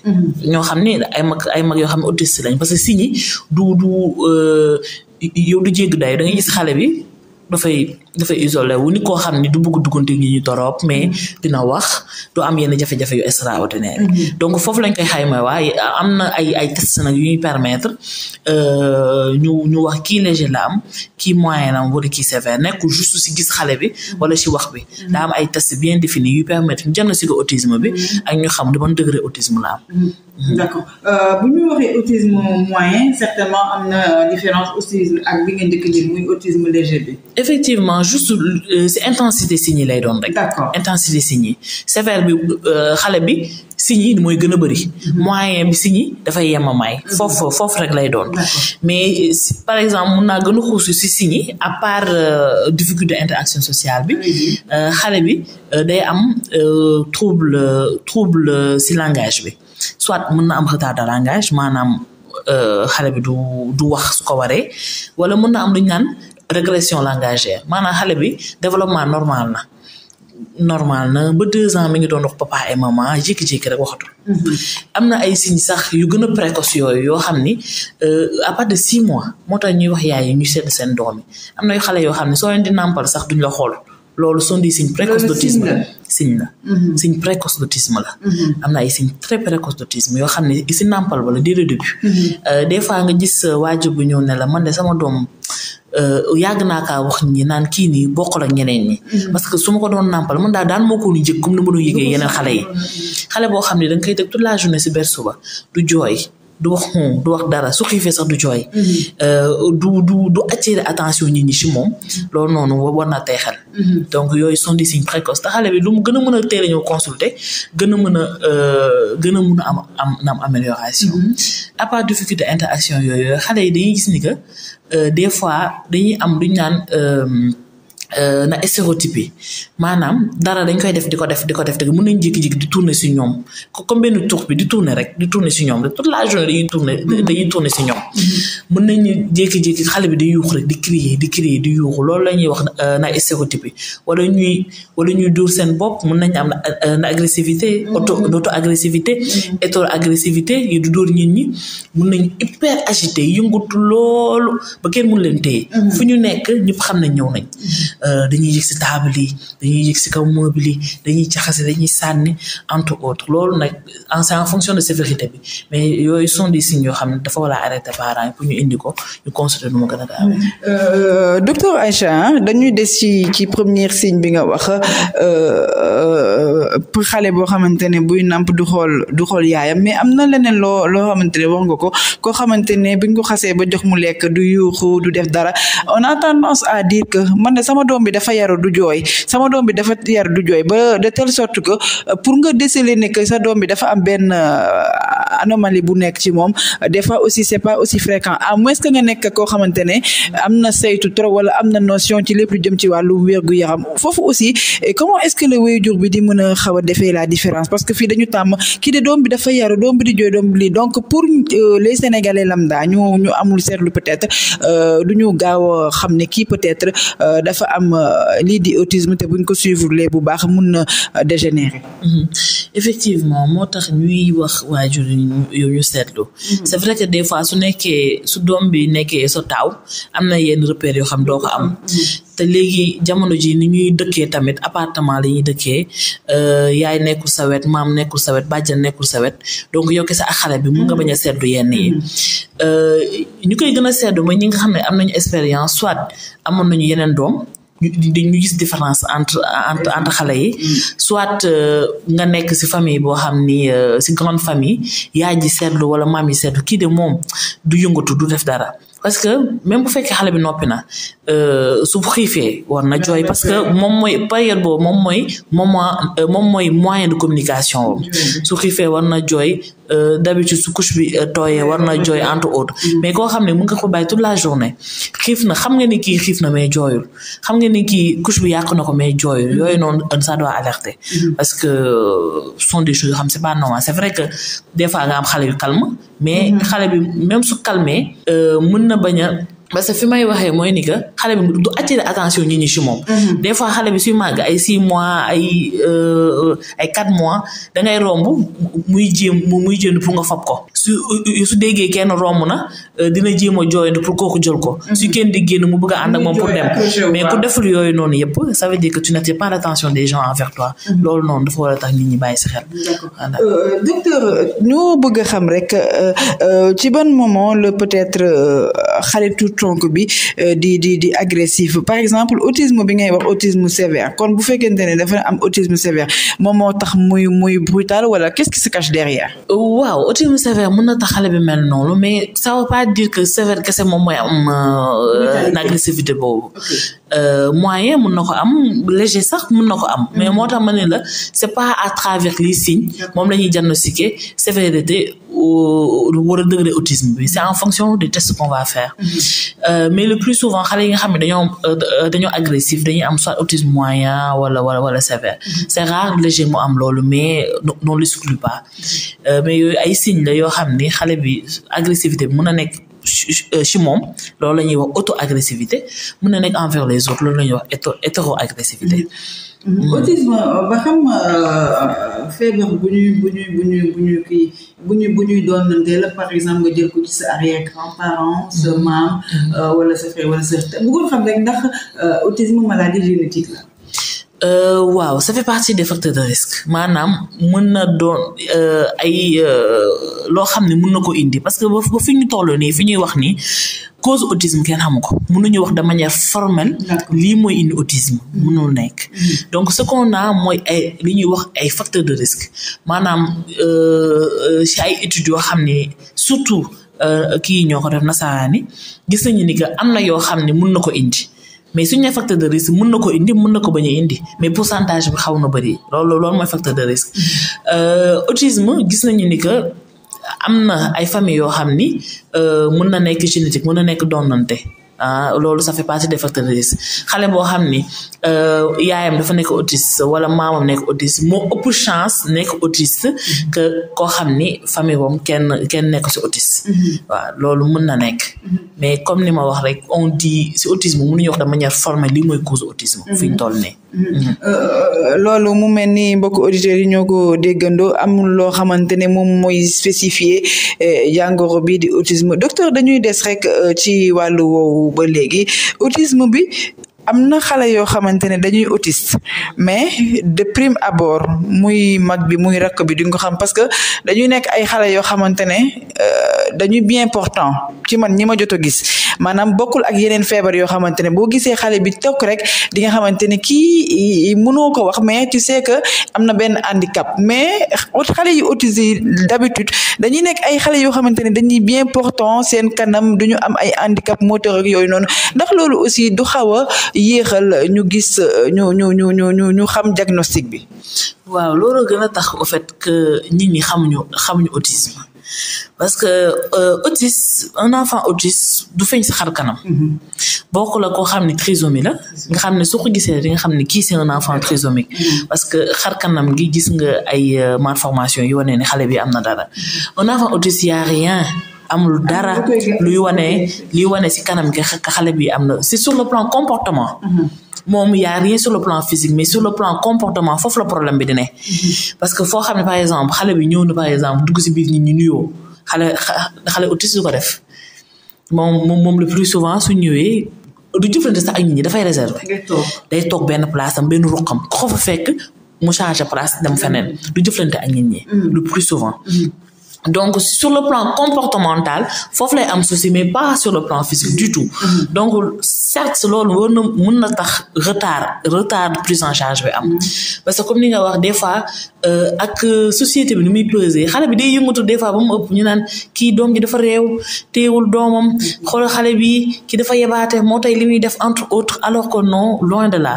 ñoo xam ne ay mag ay mag yoo xam ne autiste lañ parce que signe yi du du yow du jéggi dayo da ngay gis xale bi dafay dafa isolé wu ni koo xam ni du bëgg duggante nit ñi torop mais mm-hmm. dina wax du am yenn jafe-jafe yu extraordinaire mm-hmm. donc foofu lañ koy xay xayma waaye am na ay ay test nag yu ñuy permettre euh, ñu ñu wax kii léger la am kii moyen la kii sévère nekkul juste si gis xale bi wala si wax bi mm-hmm. daa am ay test bien définis yu permettre ñu diagnostiquer autisme bi ak ñu xam du ban degré autisme la am d'accord euh, bu ñu waxee autisme moyen certainement am na différence autisme ak bi ngeen dëkk ji muy autisme léger bi effectivement juste euh, si intensité signes yi lay doon rek. d'accord intensité signes yi sévère bi euh, xale bi signes yi mooy gën a bëri. Mhm. moyen bi signes yi dafay yemamaay. Mhm. foofu foofu rek lay doon. mais par exemple mun naa gën a xuusu si signes yi à part euh, difficulté interaction sociale bi. xale bi day am trouble trouble si langage bi soit mun na am retard de langage maanaam. xale bi du du wax su ko waree wala mën na am lu ñu naan régression langagière maanaa xale bi développement normal na normal na ba deux ans mi ngi doon wax papa et maman jékki-jékki rek waxatul mm-hmm. am na ay signes sax yu gën a précoce yooyu yoo xam ni euh, à partir de six mois moo tax ñuy wax yaay yi ñu sedd seen doom am na xale yoo xam ne soo leen di nàmpal sax duñ la xool loolu sont des signes précoces mm-hmm. d'autisme la signe mm-hmm. am na ay signes très précoce d'autisme yoo xam ne si nampal wala dès le début euh, nga gis waajur bu ñëw ne la man de sama doom Euh, yàgg naa kaa wax ñi naan kii nii bokkul ak ñeneen mm-hmm. parce que su ma ko doon nàmpal man daal daan moo ko nu jëkk comme ni ma doon yëgee yeneen xale yi. xale boo xam ne da nga koy teg la journée si berceau ba du jooy. du wax xon du wax dara su xiifee sax du jooy. Mm-hmm. Euh, du du du attirer attention nit ñi ci moom. Mm-hmm. lool noonu war na tey xel. Mm-hmm. donc yooyu sont des signes précoces te xale bi lu mu gën a mën a teel a ñëw consulter gën a mën a euh, gën a mën am am na am amélioration. à part difficulté interaction yooyu xale yi dañuy gis ni que euh, des fois dañuy am lu ñu naan. Euh, na stéréotypé maanaam dara dañ koy def di ko def di ko def rek mun nañ jékki-jékki di tourner si ñoom comme benn tour bi di tourner rek di tourner si ñoom rek toute la journée dañuy tourner dañuy tourner si ñoom mm-hmm. mën nañ jékki-jékki xale bi di yuux rek di crier di di yuuxu loolu la ñuy wax euh, na stéréotype wala ñuy wala ñuy dóor seen bopp mën nañu am na euh, agressivité mm-hmm. auto auto agressivité mm-hmm. hétéro agressivité yi du dóor nit ñi mën nañu hyper agité yëngatu loolu ba leen téye mm-hmm. fu ñu nekk ñëpp xam nañ ñëw nañ euh, dañuy yëg si table yi dañuy yëg si kaw meuble yi dañuy jaxase dañuy sànni entre autres loolu nag en fonction de sévérité bi mais yooyu sont des signes yoo xam ne dafa war a arrêter parents yi indi ko ñu constaté nu mu gën euh, dañuy des ci ci première signe bi nga wax pour euh, euh, xale boo xamante ne buy nàmp du xool du xool yaayam mais am na leneen loo loo xamante ne wax nga ko koo xamante ne buñ ko xasee ba jox mu lekk du yuuxu du def dara on a tendance à dire que man de sama doom bi dafa yaru du jooy sama doom bi dafa yaru du jooy ba de telle sorte que pour nga déceler ne que sa doom bi dafa am benn anomalie bu nekk ci moom des aussi c'est pas aussi fréquent à moins que nga nekk koo xamante ne am na saytu trop wala am na notion ci lépp lu jëm ci wàllu wérgu yaram foofu aussi comment est-ce que le bi di a xaw a defee la différence parce que fii dañu tàmm kii de doom bi dafa yaru doom bi di jooy doom bi lii donc pour euh, les sénégalais ñu amul seetlu peut-être euh, du ñu gaaw a xam ne kii peut-être euh, dafa am lii di autisme te buñ ko suivre lee bu baax mun na dégénérer. Mm-hmm. effectivement moo tax ñuy wax waajur yu ñu seetlu. Mm-hmm. c'est vrai que des su nekkee doom bi nekkee sa taaw am na yenn repères yoo xam doo ko am te léegi jamono ji ni ñuy dëkkee tamit appartement la ñuy dëkkee euh, yaay nekku sawet maam nekku sawet wet bàjjan nekkul sawet wet donc yow kese ak xale bi mun nga bañ a seetlu yenn yi mm-hmm. euh, ñu koy gën a seetlu mooy ñi nga xam ne am nañu expérience soit amoon nañu yeneen doom ñu gis différence entre entre entre xale yi soit euh, nga nekk si famille boo xam ni si euh, grande famille yaay ji seetlu wala maam yi seetlu kii de moom du yëngatu du def dara parce que même bu fekkee xale bi noppi na euh, su xiifee war na jooy parce que moom mooy période boobu moom mooy moment moom mooy moyen de communication mm-hmm. su xiifee war na jooy Euh, d'habitude su couche bi euh, tooyee war na jooy entre autres mm-hmm. mais koo xam ne mën nga ko bàyyi toute la journée xiif na xam nga ni kii xiif na mais jooyul xam nga ni kii couche bi yàq na ko mais jooyul mm-hmm. yooyu noonu ça doit alerter mm-hmm. parce que euh, sont des choses yoo xam c'est pas normal c'est vrai que des fois nga am xale yu calme mais xale bi même su calmé mën na bañ a parce que fi may waxee mooy ni xale bi du attirer attention ñi ñi ci moom. Mhm. des fois xale bi suy màgg ay six mois ay euh, ay quatre mois da ngay romb muy jéem muy jënd pour nga fab ko. su su déggee kenn romb na euh, dina jéem a jooyantu pour kooku jël ko su mm-hmm. kenn di génn mu bëgg a ànd moom pour dem mais ku deful yooyu noonu yëpp sa veut dire que tu n'attires pas l'attention des gens envers toi mm-hmm. loolu noonu dafa war a tax nit ñi bàyyi si xel voilà euh, docteur ñu bëgg a xam rek euh, ci ban moment le peut-être xaritu tonk bi di di di agressif par exemple autisme bi ngay wax autisme sévère kon bu fekkente ne dafa am autisme sévère moom moo tax muy muy brutal wala qu'est-ce qui se cache derrière nag na tax xale bi mel noonu mais ça veut pas dire que sévère kese moom mooy am euh, agressivité boobu euh, moyen mun na ko am léger sax mun na ko am mais mm-hmm. moo tax ma ne la c'est pas à travers les signes moom la ñuy diagnostiquer sévérité war a degré autisme bi c'est en fonction des tests qu'on va faire mhm. euh, mais le plus souvent xale yi nga xam ne dañoo euh, dañoo agressif dañuy am soit autisme moyen wala wala wala sévère mhm. c'est rare léger mu am loolu mais non l'exclut pas mhm. euh, mais yooyu ay signes la yoo xam ni xale bi agressivité bi mën na nekk euh, ci moom loolu la ñuy wax auto agressivité mën na nekk envers les autres loolu la ñuy wax hétéro agressivité Mhm. autisme euh, ba xam euh, euh, feebar bu ñuy bu ñuy bu ñuy bu ñuy bu ñuy bu ñuy par exemple nga jël ko ci sa arrière grand parent sa mhm. maam mhm. wala sa frère wala sa bëggoon xam rek ndax autisme maladie génétique la Euh, waaw ça fait partie des facteurs de risque maanaam mën na doon ay loo xam ne mun na ko indi parce que ba fi ñu toll nii fi ñuy wax nii cause autisme kenn xamu ko mënuñu wax de manière formelle lii mooy indi autisme mm-hmm. mënul nekk mm-hmm. donc ce qu'on a mooy ay li ñuy wax ay facteurs de risque maanaam euh, ci ay études yoo xam ne surtout euh, kii ñoo ko def nasaraani gis nañu ni que am na yoo xam ne mën na ko indi mais suñu nee facteur de risque mën na ko indi mun na ko bañ indi mais pour pourcentage bi xaw na bëri loolu loolu mooy facteur de risque mm-hmm. euh, autisme gis nañu ni que am na ay famille yoo xam ni euh, mun na nekk génétique mun na nekk donnante ah loolu ça fait partie des facteurs de risque xale boo xam ni euh, yaayam dafa nekk autiste wala maamam nekk autiste moo ëpp chance nekk autiste que koo xam ni famille boobu kenn kenn nekk si autiste mm-hmm. waaw loolu mën na nekk mm-hmm. mais comme ni ma wax rek on dit si autisme mënuñu wax de manière formelle lii mooy cause autisme mm-hmm. fi ñu toll nii Euh, loolu mu mel ni mbokk auditeurs yi ñoo ko déggandoo am loo xamante ne moom mooy e jàngoro bi di autisme docteur dañuy des rek euh, ci wàllu woowu ba léegi autisme bi am na xale yoo xamante ne dañuy autiste mais de prime abord muy mag bi muy rakk bi duñ ko xam parce que dañuy nekk ay xale yoo xamante ne euh, dañuy bien portant ci man ñi ma jot a gis maanaam bokkul ak yeneen feebar yoo xamante ne boo gisee xale bi tokk rek di nga xamante ne kii mënoo ko wax mais tu sais que am na benn handicap mais xale yu autisé d'habitude dañuy nekk ay xale yoo xamante ne dañuy bien portant seen kanam duñu am ay handicap moteur ak yooyu noonu ndax loolu aussi du xaw a yéexal ñu gis euh, ñu ñu ñu ñu ñu ñu xam diagnostic bi waaw loolu gën a tax au fait que nit ñi xamuñu xamuñu autisme parce que autiste euh, un enfant autiste du feeñ sa xar kanam. Mm-hmm. bokk la koo xam ne trisomie la. nga xam ne soo ko gisee di nga xam ne kii c'est un enfant trisomique. Mm-hmm. parce que xar kanam gi gis nga ay euh, malformation yu wane ne xale bi am na dara mm-hmm. un enfant autiste y a ah, dara luy wane luy wane ci kanam gi xale bi am na c'est sur le plan comportement. moom y' a rien sur le plan physique mais sur le plan comportement foofu la problème bi di ne. parce que foo xam ne par exemple xale bi ñëw na par exemple dugg si biir nit ñi nuyoo xale xale autiste du ko def moom moom moom le plus souvent su ñëwee du jëflante sax ak nit ñi dafay réserver. day toog benn place am benn ruqam ko fa fekk mu changé place dem feneen du jëflante ak nit ñi. Mm. le plus souvent. Mm. donc sur le plan comportemental foofu lay am souci mais pas sur le plan physique du tout mm-hmm. donc certes loolu war na mën na tax retard retard de prise en charge bi am mm-hmm. parce que comme ni nga wax des fois Euh, ak euh, société bi nu muy peser xale bi day yëngatu des fois ba mu ëpp ñu naan kii doom ji dafa réew téewul doomam xool xale bi ki dafa yebaate moo tey li muy def entre autres alors que no loin de la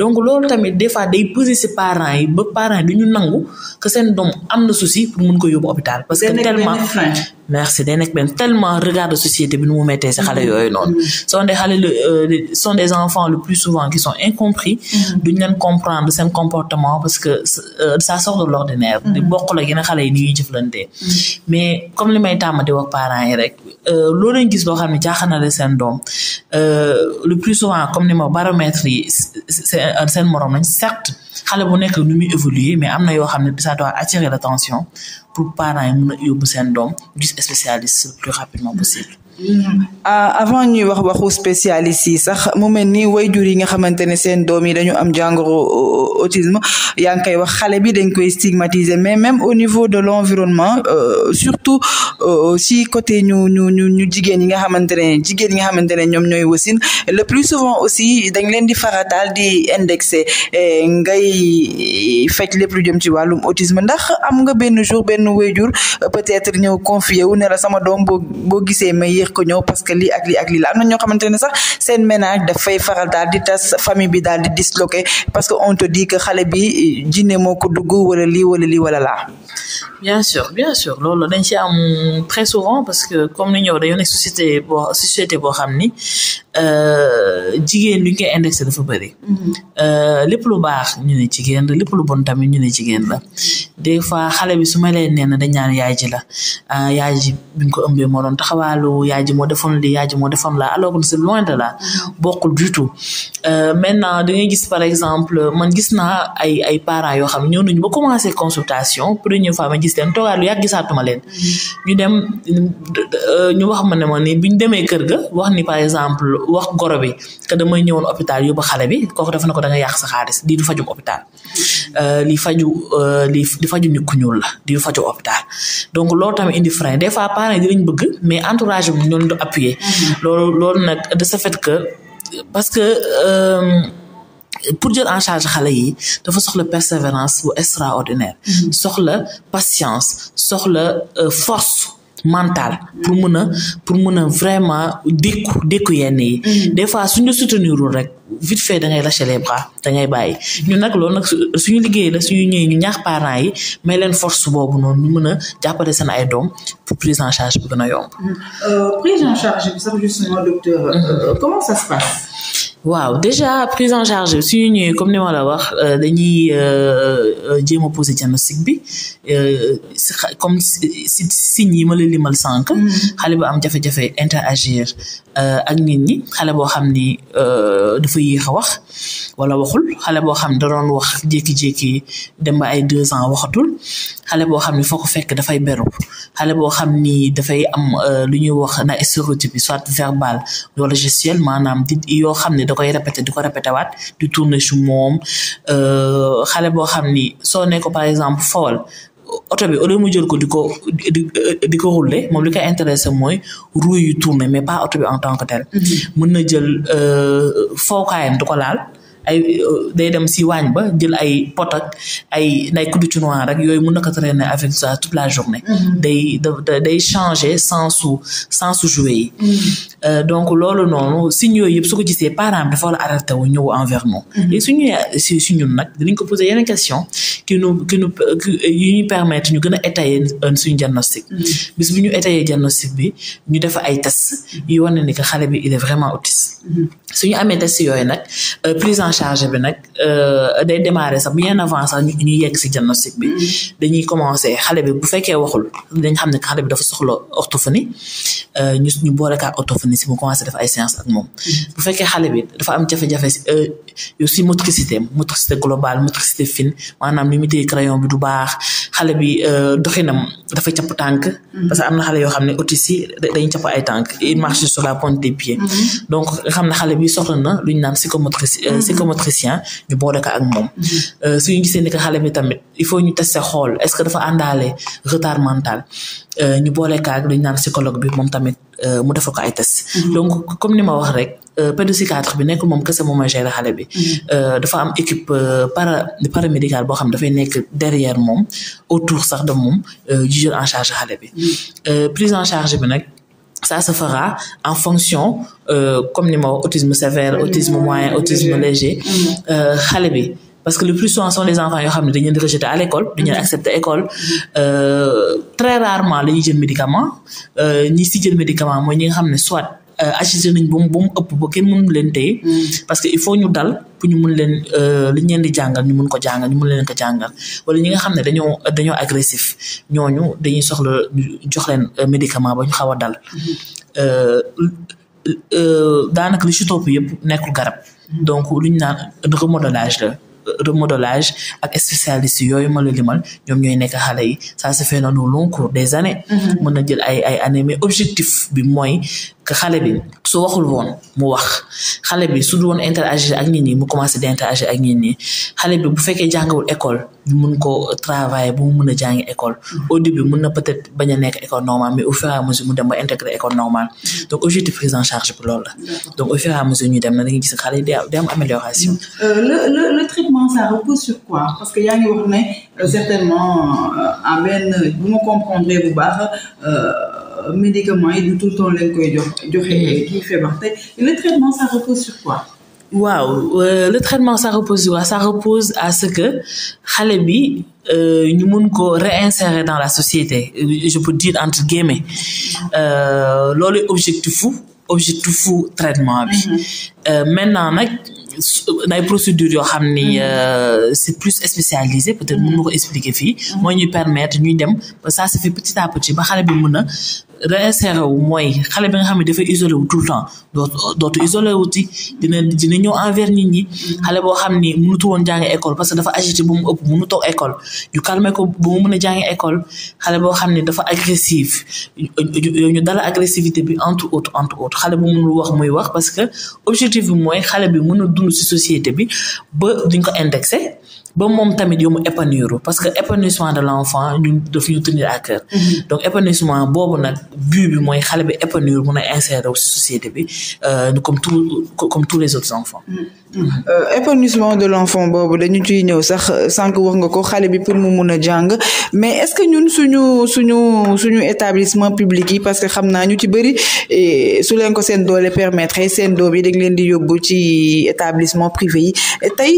donc loolu tamit des fois day peser si parents yi ba parents yi du nangu que seen doom am na souci pour mun ko yóbbu hôpital parce que tellement merci day nekk benn tellement regard de société bi nu mu mettee si xale yooyu noonu mm-hmm. sont des xale euh, son des enfants le plus souvent qui sont incompris mm-hmm. duñ leen comprendre seen comportement parce que sa euh, sort de l'ordinaire mm-hmm. di bokk la gën xale yi ni ñuy jëflante mais comme li may tàmm di wax parents yi rek euh, loo leen gis loo xam ne jaaxal na la seen doom le plus souvent comme ni ma baromètre yi seen morom lañ certes xale bu nekk nu muy évoluer mais am na yoo xam ne ça doit attirer l'attention pour parents yi mën a yóbbu seen doom gis spécialiste le plus rapidement possible. Ah, avant ñuy wax waxu spécialiste yi sax mu mel ni way wayjur yi nga xamante ne seen doom yi dañu am jàngoro autisme yaa ngi koy wax xale bi dañ koy stigmatiser mais même au niveau de l'environnement euh, surtout euh, si côté ñu ñu ñu ñu jigéen yi nga xamante ne jigéen yi nga xamante ne ñoom ñooy wasin le plus souvent aussi dañ leen di farataal di indexé e, ngay fekk lépp lu jëm ci wàllum autisme ndax am nga benn jour benn wayjur peut-être ñëw confier wu ne sama doom yéex ko ñëw parce que lii ak lii la am na ñoo xamante ne sax seen ménage dafay faral daal di tas famille bi daal di disloqué parce que on te xale bi jinne moo ko dugg wala lii wala lii wala laa. bien sûr bien sûr loolu dañ ci am très parce que comme ni ñëw dañoo nekk société boo société boo xam ni euh, jigéen lu ñu index indexé dafa bëri mm-hmm. euh, lépp lu baax ñu ne jigéen la lépp lu bon tamit ñu ne jigéen la des fois xale bi su ma leen nee na dañ la ah, yaay ji bi ñu ko taxawaalu yaay ji moo defoon li yaay ji moo defoon la alors que c'est loin de là bokkul du tout euh, maintenant da gis par exemple man gis naa ay ay parents yoo xam ñëw nañu ba commencé consultation première fois ma gis leen toogaat lu yàgg gisaatuma leen mm-hmm. ñu dem euh, ñu wax ma ne ma ni biñ demee kër ga wax ni par exemple wax goro bi que damay ñëwoon hôpital yóbbu xale bi kooku def na ko da nga yàq sa xaalis lii fajum hôpital Euh, li faju euh, li di faju nit ku ñuul la di faju hôpital donc loolu tamit indi frein des fois parents yi bëgg mais entourage bi ñoom du appuyer mhm. loolu nag de ce fait que parce que euh, pour jël en charge xale yi dafa soxla persévérance bu extraordinaire mhm. soxla patience soxla force mentale pour mën a pour mën a vraiment dékku dékku yenn yi mhm. des fois suñu soutenirul rek vite fait da ngay lâcher les bras da ngay bàyyi ñun nag loolu nag suñu liggéey la suñu ñu ñaax parents yi may leen force boobu noonu ñu mën a jàppale seen ay doom pour prise en charge bi gën a yomb. Mm-hmm. Euh, prise en charge bi sax justement euh, mm-hmm. euh, waaw déjà prise en charge su ñu ñëwee comme ni ma la wax dañuy jéem a posé diagnostic bi si comme si signes yi ma la limal sànq. Mm-hmm. xale bu am jafe-jafe interagir ak nit ñi xale boo xam ni dafa a wax wala waxul xale boo xam ne da wax jékki-jékki dem ba ay deux ans waxatul xale boo xam ne foo ko fekk dafay beru xale boo xam ni dafay am euh, lu ñuy wax na stéréotype soit verbal wala gestuel maanaam di yoo xam ne da koy répété di ko répété waat di tourner ci moom euh, xale boo xam ni soo neko ko par exemple fowal oto bi au lieu mu jël ko di ko di di ko rouler moom li koy intéressé mooy roue yu tourner mais pas oto bi en tant que tel mhm. mën na jël euh, fookaayam du ko laal ay day dem si waañ ba jël ay pot ay ay kuddu ci noir rek yooyu mun na ko traîner avec ça toute la journée. Mm-hmm. day day changer sens su sens su jouer yi. Mm-hmm. Euh, donc loolu noonu signes yooyu yëpp su ko gisee parents dafa war a arrêté wu ñëw envers nous. Mm-hmm. et su ñu si si ñun nag dinañ ko poser question qui nous qui permettre ñu gën a étayer suñu diagnostic. bis bu ñu étayer diagnostic bi ñu def ay tests yu wane ni que xale bi il est vraiment autiste. suñu amee tests yooyu nag euh, prise en chargé bi nag euh, day démarrer sax bien avant sax ñu ñu yegg si diagnostic bi mm-hmm. dañuy commencer xale bi bu fekkee waxul dañ xam ne xale bi dafa soxla orthophonie euh, ñu ñu boole kaa orthophonie si mu def ay séance ak moom mm-hmm. bu fekkee xale bi dafa am jafe-jafe si euh, si motricité motricité globale motricité fine maanaam li mu téye crayon bi du baax xale bi doxinam dafa capp tànk mm-hmm. parce que am na xale yoo xam ne autistes yi dañu capp ay tànk il marche la pointe des psychomotricien ñu boole ko ak moom. Mm-hmm. Euh, suñu gisee ni que xale bi tamit il faut ñu tester xool est-ce que dafa àndaale retard mental euh, ñu boole ko ak naan psychologue bi moom tamit euh, mu defal ko ay test. Mm-hmm. donc comme ni ma wax rek. pédopsychiatre bi nekk moom kese moom mooy gérer xale bi. Mm-hmm. dafa am équipe para paramédicale boo xam dafay nekk derrière moom autour sax de moom di jël en charge xale bi. prise en charge bi nag. ça se fera en fonction euh, comme ni ma autisme sévère autisme moyen autisme mm-hmm. léger mm-hmm. Euh, xale bi parce que le plus souvent sont les enfants yoo xam ne dañu leen di rejeter à l'école dañu leen accepter école mm-hmm. euh, très rarement la ñuy jël médicament euh, ñi si jël médicament mooy ñi nga xam ne soit Euh, agissé nañ ba mu ba mu ëpp ba kenn mënu leen téye. Mm. parce que il faut ñu dal pour ñu mun leen euh, li ñu leen di jàngal ñu mun ko jàngal ñu mun leen ko jàngal wala ñu nga xam ne dañoo dañoo agressif ñooñu dañuy soxla jox leen euh, médicament ba ñu xaw a dal. Mm-hmm. daanaka li ci topp yëpp nekkul garab. Mm-hmm. donc lu ñu naan remodelage la. remodelage ak spécialiste yooyu ma la limal ñoom ñooy nekk xale yi ça se fait dans le long des années. Mm-hmm. mën a jël ay ay années mais objectif bi mooy que xale bi su waxul woon mu wax xale bi su du woon interagir a nit ñi mu commencé di interagir ak nit ñi xale bi bu fekkee jàngawul école ñu mun ko travailler bu mu mun a jàngi école au début mun na peut-être a nekk école normale mais au fur et mu dem ba intégrer école normale donc objectif prise en charge bi loolu la donc au fur et à dem na dañuy gis xale yi amélioration. Euh, le le le traitement sur quoi parce que yaa ngi wax ne Euh, certainement euh, en benn bu ma comprendre bu baax euh, médicament yi du tout temps leen koy jox joxe mhm. le traitement ça repose sur quoi. waaw le traitement ça repose sur quoi ça repose à ce que xale bi ñu mun ko réinsérer dans la société je peux dire entre guillemets loolu objectif objectif traitement bi. Mhm. maintenant day procédure yoo xam ni mm-hmm. euh, c'est plus spécialisé peut-être mën ma ko expliquer fii. Mm-hmm. moo ñuy permettre ñuy dem ba ça se fait petit à petit ba xale bi mën a réinsérer wu mooy xale bi nga xam ne dafa isolé wu tout temps dootu dootu isolé wu ci dina dina ñëw envers nit ñi xale boo xam ni mënutu woon jàngi école parce que dafa agité bu mu ëpp mënu toog école ñu calmé ko bu mu mën a jàngi école xale boo xam ne dafa agressif ñu dala agressivité bi entre autres entre autres xale bu mënul wax mooy wax parce que objectif bi mooy xale bi mën a dund ci société bi ba duñ ko indexé ba moom tamit yow mu épanouir parce que épanouissement de l' enfant ñun daf ñu tenir à mm-hmm. donc épanouissement boobu nag but bi mooy xale bi épanouir mun a insérer wu si société bi euh, comme tout comme tous les autres enfants. Mm-hmm. Mm-hmm. Euh, épanouissement de l' enfant boobu dañu ciy ñëw sax sànq wax nga ko xale bi pour mu mun a jàng mais est que ñun suñu suñu suñu établissement public yi parce que xam naa ñu ci bëri su leen ko seen doole permettre seen doom yi dañ leen di yóbbu ci établissement privé yi tey.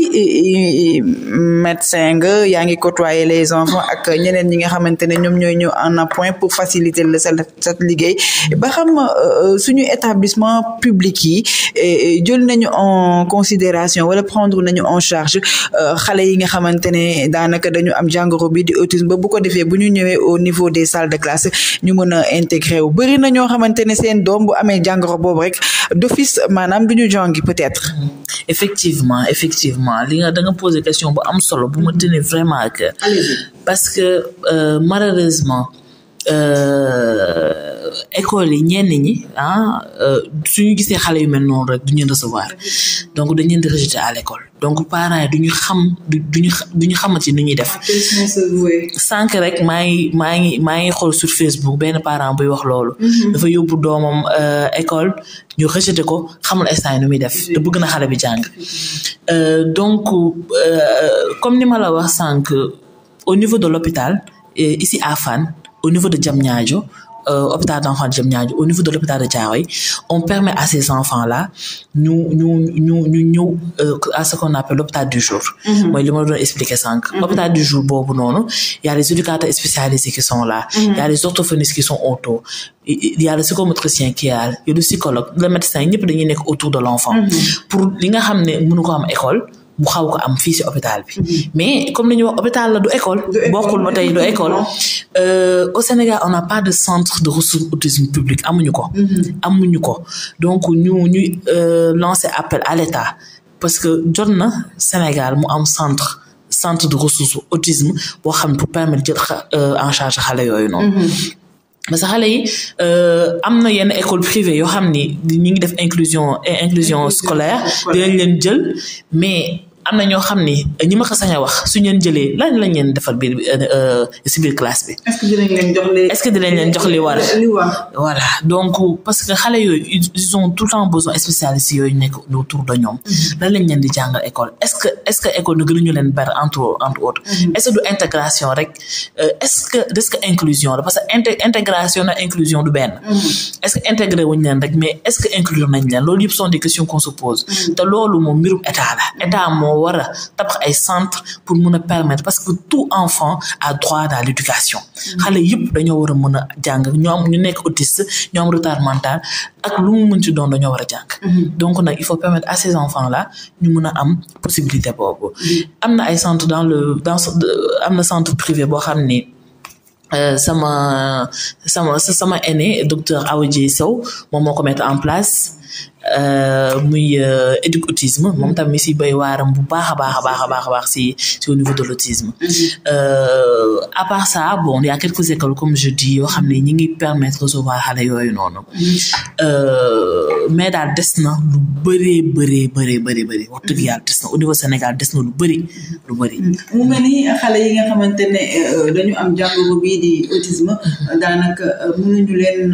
médecin nga yaa ngi côtoyer les enfants ak ñeneen ñi nga xamante ne ñoom ñooy ñëw en appoint pour faciliter la sa sa liggéey ba xam euh, suñu établissement public yi eh, eh, jël nañu en considération wala prendre nañu en charge euh, xale yi nga xamante ne daanaka dañu am jàngoro bi di autisme ba bu ko defee bu ñu ñëwee au niveau des salles de classe ñu mën a intégré wu bëri na ñoo xamante ne seen doom bu amee jàngoro boobu rek d'office maanaam du ñu jongi peut-être effectivement effectivement li poser question bu am solo bu ma tenir vraiment à cœur parce que euh, malheureusement Euh, école yi ñenn ñi ah euh, ñu gisee xale yu mel noonu rek duñu recevoir donc dañ leen di rejeter à l'école donc parents yi duñu xam duñu duñu xamati nu ñuy def ah, sànq rek maa ngi maa ngi maa ngi xool sur Facebook benn parent buy wax loolu mm-hmm. dafa yóbbu doomam euh, école ñu rejeter ko xamul instant yi nu muy def mm-hmm. te bëgg na xale bi jàng donc comme ni ma la wax sànq au niveau de l'hôpital ici à Fann au niveau de Diamniadio euh, hôpital d'enfants de Diamniadio au niveau de l'hôpital de Thiaroye on permet à ces enfants là ñu ñu ñu ñu a euh, à ce l'hôpital du jour mhm. mooy li ma doon expliquer sànq mhm. hôpital du jour boobu noonu y a les éducateurs spécialisés qui sont là mm a les orthophonistes qui sont autour il y a le psychomotricien qui est là y a médecin ñëpp dañuy nekk autour de l'enfant mhm. pour li nga xam ne mënu ko am école bu xaw ko am fii si hôpital bi. Mhm. mais comme ni ñu wax hôpital la du école. bokkul ba tey du école. Euh, au Sénégal on n'a pas de centre de ressources autisme public amuñu ko. Mhm. amuñu ko donc ñu ñuy euh, lancer appel à l'État parce que jot na Sénégal mu am centre. centre de ressources autisme boo xam ne pour permettre jël euh, en charge xale yooyu noonu mhm. parce que xale yi am na yenn école privée yoo xam ni ñu ngi def inclusion inclusion scolaire dinañ leen jël mais am na ñoo xam ni ñi ma ko sañ a wax su ñeen jëlee lan lañ leen defal biir euh, euh, si biir bi. est-ce que dinañ leen jox li. est-ce que dinañ leen jox li parce que xale yooyu ils ont tout le temps besoin spécialistes yooyu nekk autour de ñoom. Mm-hmm. lan lañ leen di jàngal école est-ce que inclusion la parce que intégration na inclusion du benn. Mm-hmm. est intégré wuñ rek mais est-ce que inclure loolu yëpp sont des questions qu'on se mm-hmm. te loolu moom mbirum état la dañoo war a ay centre pour mun a permettre parce que tout enfant a droit à l'éducation xale yëpp dañoo war a mën a jàng ñoom ñu nekk autiste ñoom retard mental ak lu mu mën ci doon dañoo war a jàng mhm. donc nag il faut permettre à ces enfants la ñu mun a am possibilité boobu mhm. am na ay centre dans le dans am na centre privé boo xam ni euh, sama sama sama docteur Awa Dieye Sow moom moo ko mettre en place Euh, muy euh, éducautisme moom tam mi si bay waaram bu baax a baax a baax a baax a baax si si au niveau de l'autisme mm-hmm. euh, à part ça bon il y a quelques écoles comme je dis yoo xam ne ñi ngi permettre recevoir xale yooyu noonu mm-hmm. mais daal des na lu bëree bëree bëree bëri bëri wax dëgg yàlla des na au Sénégal des na lu bëri lu bëri mu mel ni xale yi nga xamante dañu am jàngoro bii di autisme mm-hmm. daanaka mënuñu leen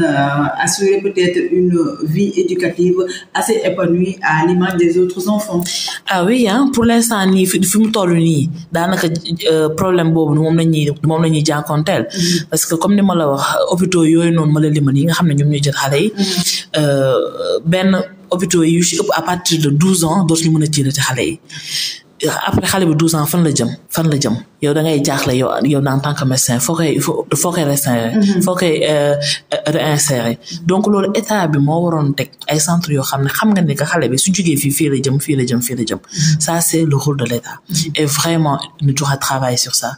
assurer peut-être une vie éducative assez épanouie à l'image des autres enfants. ah oui ah pour l'instant nii fi mu toll nii daanaka euh, problème boobu moom la ñuy moom la ñuy jànkonteel. Mm-hmm. parce que comme ni ma la wax hôpitaux yooyu noonu ma la limal yi nga xam ne ñoom ñoo jël xale yi. Mm-hmm. Euh, benn hôpitaux yi yu si ëpp à partir de douze ans dootuñu mën a tiirati xale yi après xale bi douze ans fan la jëm fan la jëm. yow da ngay jaaxle yow yow en tant que médecin foo koy foo koy restaurer. Mm-hmm. foo euh, euh, mm-hmm. donc loolu état bi moo waroon teg ay centre yoo xam ne xam nga ne que xale bi su jugee fi fi la jëm fii la jëm fii la jëm mm-hmm. ça c'est le rôle de l'état et vraiment nous devons travailler sur ça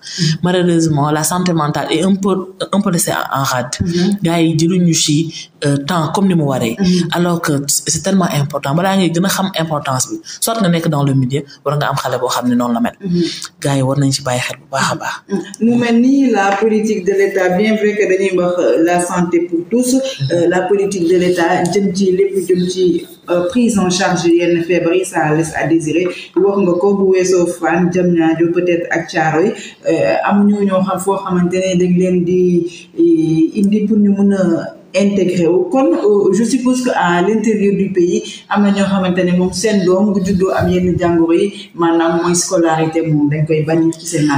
malheureusement la santé mentale est un peu un peu laissée en rade. gars yi jëluñu ci euh, temps comme ni mu waree. alors que c'est tellement important balaa ngay gën a xam importance bi soit nga nekk dans xel baax a baax. mu mel ni la politique de l' état bien vrai que dañuy wax euh, la santé pour tous. Euh, mm-hmm. la politique de l' état jëm ci lépp jëm ci euh, prise en charge yenn feebar yi ça laisse à désirer nga ko bu weesoo Fann Diamniadio peut-être ak Thiaroye am ñu ñoo xam foo xamante ne dañ leen di indi pour ñu mën a. intégré wu kon euh, je suppose que à l'intérieur du pays am na ñoo xamante ne moom seen doom bu juddoo am yenn jàngoro yi maanaam mooy scolarité moom dañ koy bañ ci seen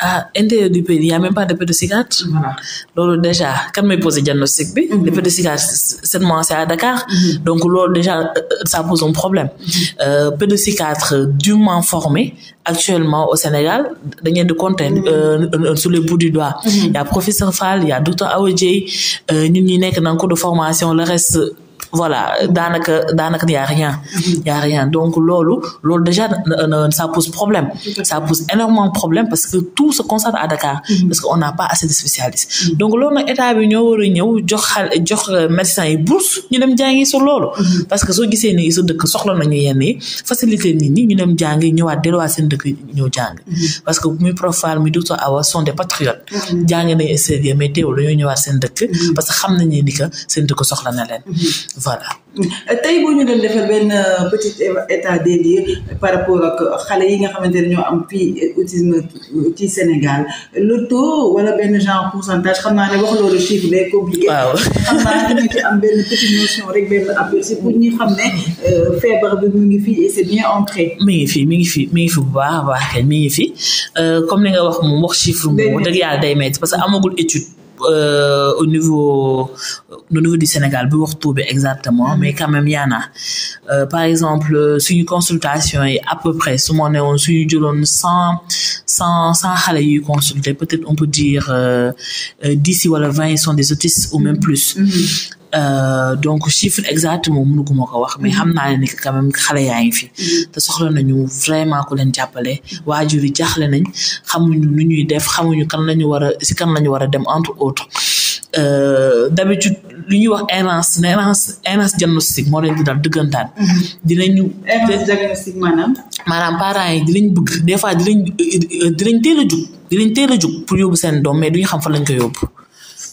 ah intérieur du pays y' a même pas de pédopsychiatre. voilà loolu déjà kan may posé diagnostic bi. Mhm. les pédopsychiatres seulement c'est à Dakar. Mhm. donc loolu déjà euh, euh, ça pose un problème mhm. pédopsychiatre dûment formé. actuellement au Sénégal dañ leen di compter sous le bout du doigt. Mm-hmm. y a professeur Fall y a docteur Awa Dieye euh, ñun ñi nekk nan ko formation le reste. voilà daanaka daanaka y a rien mhm. y donc loolu loolu déjà ça pose problème ça pose énormément de problème parce que tout se concentre à Dakar mhm. parce que on n'a pas assez de spécialistes mhm. donc loolu état bi ñoo war ñëw jox xal jox euh, médecins ñu dem jàngi sur loolu parce que soo gisee ni sa dëkk soxla nañu yenn yi facilité nit ñi ñu dem jàngi ñëwaat delluwaat seen dëkk ñëw jàng parce que muy profal muy docteur Awa sont des patriotes jàngi nañu extérieur mais teewul dañoo ñëwaat seen dëkk parce que xam nañu ni que seen dëkk soxla na leen voilà. Euh, tey bu ñu doon defal benn euh, petit euh, état des lieux par rapport ak xale yi nga xamante ne ñoo am fii autisme ci Sénégal le taux wala benn genre pourcentage xam naa ne wax loolu chiffre day compliqué. waaw xam am benn petite notion rek ñu xam ne feebar bi mu ngi fii et c'est mi ngi fi mi ngi fi mi ngi fi bu baax baax kay mi ngi fi comme ni nga wax moom wax chiffre moom. dëgg yàlla day métti parce que amagul étude. Euh, au niveau euh, au niveau du Sénégal bi wax taux exactement mm-hmm. mais quand même yaa na euh, par exemple suñu consultation yi à peu près su ma ne woon suñu jëloon cent cent cent xale yuy consulter peut-être on peut dire dix wala vingt ils sont des autistes ou même mm-hmm. plus. Mm-hmm. Euh, donc chiffre exact moom mënu ko ma ko wax mais mm-hmm. xam naa ni que xale yaa ngi fi. Mm-hmm. te soxla nañu vraiment ku leen jàppale. Mm-hmm. waajur yi jaaxle nañ xamuñu lu ñuy def xamuñu kan lañu war a si kan war a dem entre autres. Euh, d'habitude lu ñuy wax errance ne errance errance diagnostic moo leen di dal dëggantaan. dinañu. errance diagnostic maanaam. maanaam parents yi dinañ bëgg des fois dinañ euh, dinañ teel a jug dinañ teel a jug pour yóbbu seen doom mais duñu xam fa lañ ko yóbbu.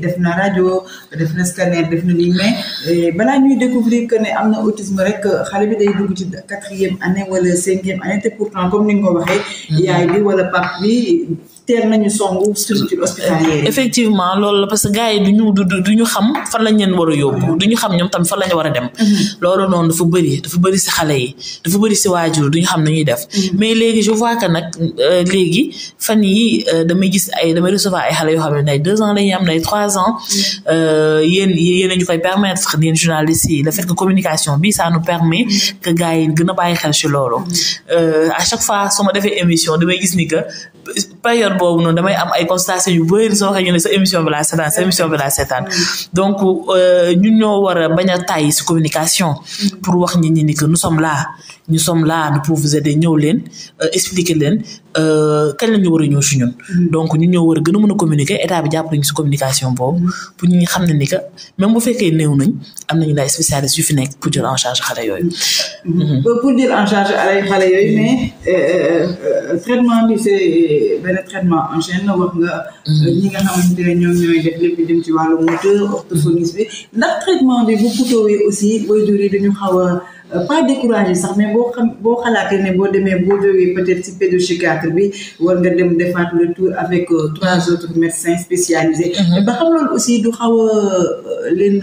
def na rajo def na scanner def na lii mais eh, balaa ñuy que ne am na autisme rek xale bi day dugg ci quatrième année wala cinquième année te pourtant comme ni nga ko waxee mm-hmm. yaay wala pap teel nañu songu structure hospitalière effectivement loolu la parce que gars yi du ñu du ñu xam fan lañ leen war a yóbbu du ñu xam ñoom tam fan lañu war a dem mhm. loolu noonu dafa bëri dafa bëri si xale yi dafa bëri si waajur du ñu xam nañuy def mhm. mais léegi je vois que nag euh, léegi fan yi euh, damay gis ay damay recevoir ay xale yoo xam ne nay deux ans lañuy am nay trois ans mhm. euh, yéen yéen a ñu koy permettre yéen journalistes yi le fait communication bi ça nous permet que yi gën a bàyyi xel si loolu à chaque fois soo ma defee émission damay gis ni que période boobu noonu damay am ay constatation yu bëri soo waxee ñu ne sa émission bi laa seetaan sa émission bi seetaan donc euh, ñun ñoo war a bañ a tàyyi si communication pour wax nit ñi ni que nous sommes là nous sommes là nous pour vous ñëw leen euh, expliquer leen Euh, kañ la ñu war a si ñun. Mm. donc ñu ñoo war a gën a mën a communiquer état bi jàpp nañu si communication boobu. Mm. pour ñu xam ne ni que même bu fekkee new nañ am nañu daay spécialistes yu fi nekk pour jël en charge xale yooyu. Mm. Euh, en charge xale yooyu mais euh, traitement bi c'est traitement bi bu putoowee aussi booy dañu xaw Euh, pas découragé sax mais boo xam boo xalaatee ne boo demee boo jógee peut-être ci pédopsychiatre bi war nga dem defaat le tour avec euh, trois autres médecins spécialisés. Mm-hmm. ba xam loolu aussi du xaw a euh, leen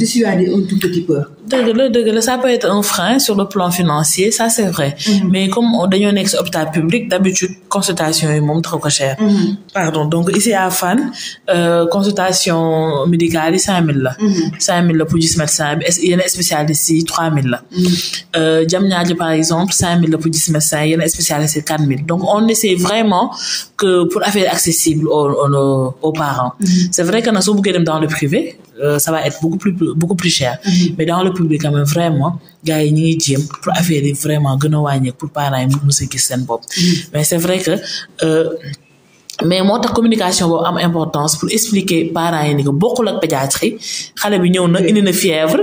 dissuader un tout petit peu. dëgg la dëgg la ça peut être un frein sur le plan financier mhm. mais comme dañoo nekk si hôpital public d'habitude consultation yi moom trop cher mm -hmm. pardon donc ici à Fann euh, consultation médicale yi cinq mille la mhm. cinq mille la pour gis médecin bi yenn spécialistes yi trois mille la mhm. euh, Diamniadio par exemple cinq mille la pour gis médecin yenn spécialistes yi quatre mille donc on essaie vraiment que pour affaire accessible aux aux, aux parents c'est vrai que na soo bëggee dem dans le euh, ça va être beaucoup plus beaucoup plus cher. Mm -hmm. mais dans le public vraiment gars yi ñu ngi jéem pour affaire yi vraiment gën a wàññeeku pour parents yi mu gis seen bopp. Mm-hmm. mais c'est vrai que. Euh, mais moo tax communication boobu am importance pour expliquer parent yi ni ko bokkul ak pédiatrie xale bi ñëw na indi na fièvre.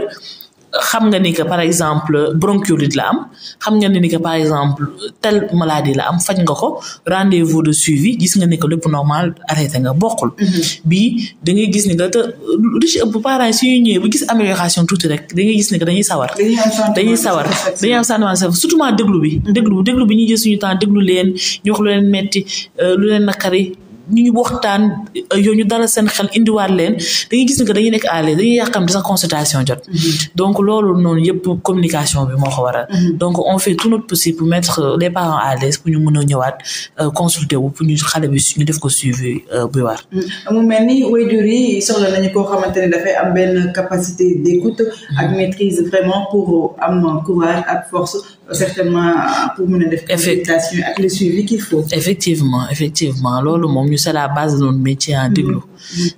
xam nga ni que par exemple bronchiolite la am xam nga ni que par exemple tel maladie la am faj nga ko rendez-vous de suivi gis nga ni que lépp normal arrêté nga bokkul. Mm-hmm. bii da ngay gis ni que te lu ci ëpp su ñëwee bu gis amélioration tuuti rek da ngay gis ni que dañuy sawar. dañuy sawar dañuy am sentiment surtout déglu bi. Mm-hmm. déglu déglu bi ñu jël suñu temps déglu leen ñu wax lu leen metti euh, lu leen nakari ñu waxtaan euh, yow ñu dalal seen xel indiwaat leen dañuy gis ni que dañuy nekk à l'aise dañuy yàqam di sax consultation jot mm-hmm. donc loolu noonu yëpp communication bi moo ko waral mm-hmm. donc on fait tout notre possible pour mettre euh, les parents à l'aise pour ñu mën a ñëwaat euh, consulter wu pour ñu xale bi ñu def ko suivi bi war mm-hmm. mu mel ni waajur yi soxla nañu koo xamante ne dafay a benn capacité d'écoute ak maîtrise vraiment pour am courage ak force certainement pour mën a def communication ak le loolu moom ñu c'est la base de notre a à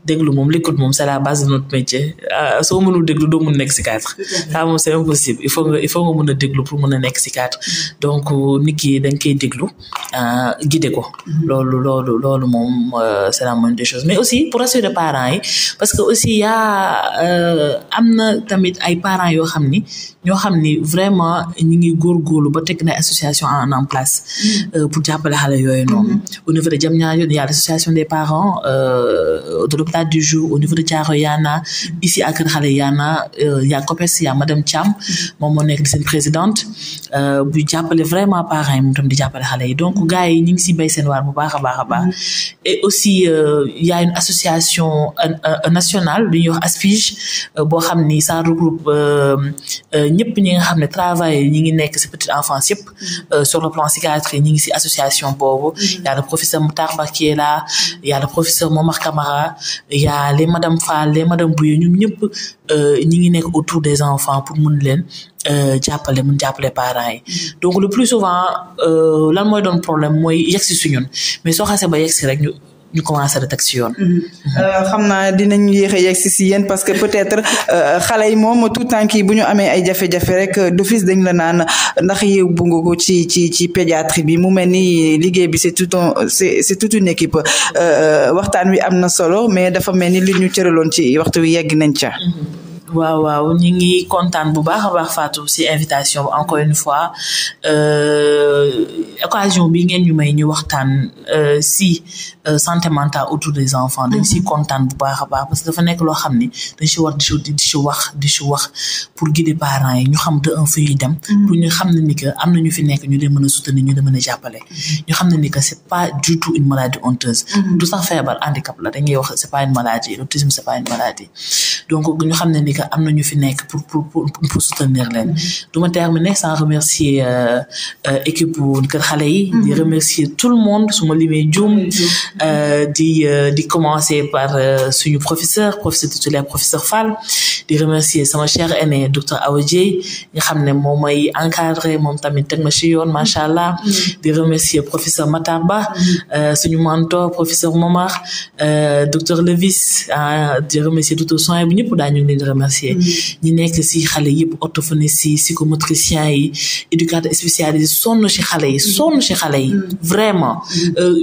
déglu moom l'écoute moom c'est la base de notre métier euh, soo mënul déglu doo mun nekk si cadre ça moom c'est impossible il faut nga il faut nga a déglu pour a nekk si cadre mm-hmm. donc euh, nit ki dañ koy déglu euh, guider ko mm-hmm. loolu loolu loolu moom c'est la moindre des choses mais aussi pour rassurer parents yi parce que aussi yaa am na tamit ay parents yoo xam ni ñoo xam ni vraiment ñi ngi góorgóorlu ba teg na association en en place mm-hmm. pour jàppale xale yooyu noonu au niveau de Diamniadio il y a des parents de l'hôpital du jour au niveau de Thiaroye euh, y en a Xale y en a y madame Thiam moom moo nekk seen présidente euh, bu jàppale vraiment parents yi moom tam di jàppale xale yi donc gars yi ñu ngi si béy seen waar bu baax a baax a et aussi euh, y a une association nationale lu ñuy wax ASPIGE boo xam ni ça regroupe ñëpp ñi nga xam ne travail ñi ngi nekk si petite enfance yëpp sur le plan psychiatrie ñi ngi si association boobu y a le professeur Moutar Ba qui là y a les madame Fall les madame Bouye ñoom ñëpp euh, ñi ngi nekk autour des enfants pour mun leen euh, jàppale mun jàppale yi mm. donc le plus souvent euh, lan mooy doon problème mooy yegsi si mais soo xasee ba yegsi rek ñu commencé rek teg si yoon. Mm-hmm. Mm-hmm. Euh, xam naa dinañ yéex a yegg si si yéen parce que peut-être euh, xale yi moom tout temps bu ñu amee ay jafe-jafe rek euh, d'office dañ la naan ndax yóbbu nga ko ci ci ci pédiatrie bi mu mel ni liggéey bi c'est tout un c'est c'est toute une équipe waxtaan wi am na solo mais dafa mel ni li ñu cëraloon ci waxtu wi yegg nañ ca. Mm-hmm. waaw waaw ñu ngi kontaan bu baax a baax Fatou si invitation bi encore une fois occasion bi ngeen ñu may ñu waxtaan si Euh, santé mentale autour des enfants dañ siy mhm. kontaan bu baax a baax parce que dafa nekk loo xam ne dañ si war di si di wax di si wax pour guider parents yi ñu xam de un fi ñuy dem mhm. pour ñu xam ne ni que am na ñu fi nekk ñu leen mën a soutenir ñu leen mën a jàppale mhm. xam ne ni que c'est pas du tout une maladie honteuse du sax feebar handicap la dañuy wax c'est pas une maladie l'autisme c'est xam ne ni que am na ñu fi nekk pour pour pour soutenir leen du ma terminer sans remercier euh, euh, équipe bu kër xale yi di remercier tout le monde suma ma limee juum Euh, di euh, di commencer par euh, suñu professeur professeur titulaire professeur Fall di remercier sama cher aîné docteur Awa Dieye nga xam ne moom mooy encadré moom tamit teg ma ci yoon macha allah. Mm-hmm. Mm-hmm. di remercier professeur Mataba mm-hmm. suñu mentor professeur Momar docteur Levis ah, di remercier docteur Soin bu ñëpp daal ñu ngi leen ñi nekk si xale yëpp orthophoniste yi psychomotricien yi éducateur spécialisé sonn ci xale yi sonn ci xale yi vraiment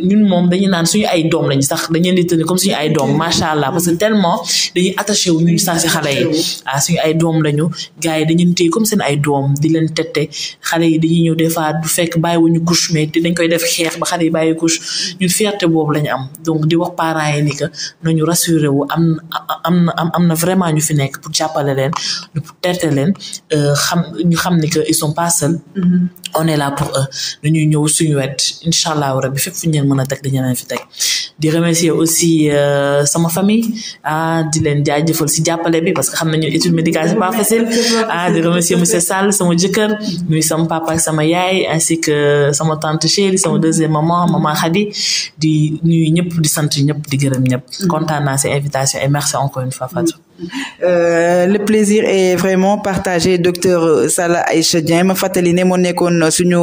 ñun moom dañu naan suñu ay doom lañ sax dañ leen di tënk comme suñu ay doom macha allah parce que tellement dañuy attaché wu ñun sax si xale yi ah, ay doom lañu gars yi dañu téye comme seen ay doom di leen tette xale yi dañuy ñëw des fois du fekk bàyyiwuñu couche mais dañ koy def xeex ba xale yi bàyyi couche ñun fierté boobu lañu am donc di wax parents yi ni que nañu rassuré wu am am na am na vraiment ñu fi nekk pour jàppale leen tete tette leen euh, xam ñu xam ni que ils sont on est là pour eux dañuy ñëw suñu wet incha allahu rabbi fépp fu mën a teg dañu leen fi teg di remercier aussi euh, sama famille ah di leen jaajëfal si jàppale bi parce que xam nañu étude médicale c'est pas facile ah di remercier monsieur Sall sama jëkkër nuyu sama papa sama yaay ainsi que sama tante chérie sama deuxième maman maman Khady di ñuy ñëpp di sant ñëpp di gërëm ñëpp mm-hmm. kontaan naa si invitation et merci encore une fois Euh, le plaisir est vraiment partagé docteur Salla ay Dieng ma fàttali ne moo nekkoon suñu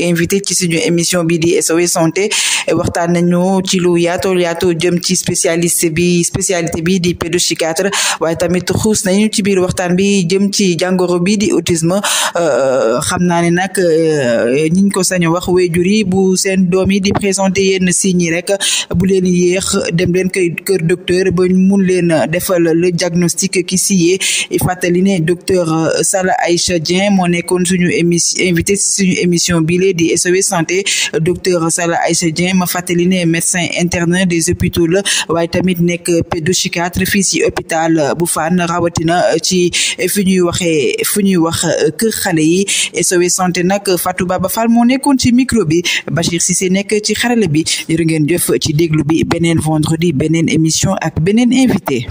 invité ci suñu émission bii di SOS santé waxtaan nañu ci lu yaatu yaatu jëm ci spécialiste bi spécialité bii di pédopsychiatre waaye tamit xuus nañu ci biir waxtaan bi jëm ci jàngoro bii di autisme euh, xam naa ne nag ñiñ euh, ko sañ wax waajur yi bu seen doom yi di présenté yenn signes rek bu leen yéex dem leen kër docteur ba mun leen defal le diagnostic qui s'y est et fàttali ne docteur euh, Sala Aïcha Dieng moo nekkoon suñu émission invité si suñu émission bile di SOS santé euh, docteur Sala Aïcha Dieng ma fàttali ne médecin internet des hôpitaux la waaye tamit nekk quatre fii si hôpital euh, bu Fann rawatina ci fu ñuy waxee fu ñuy wax kër xale yi SOS santé nag Fatou Baba fal moo nekkoon ci micro bi Bachir Cissé nekk ci xarale bi jërë ngeen jëf ci déglu bi beneen vendredi beneen émission ak beneen invité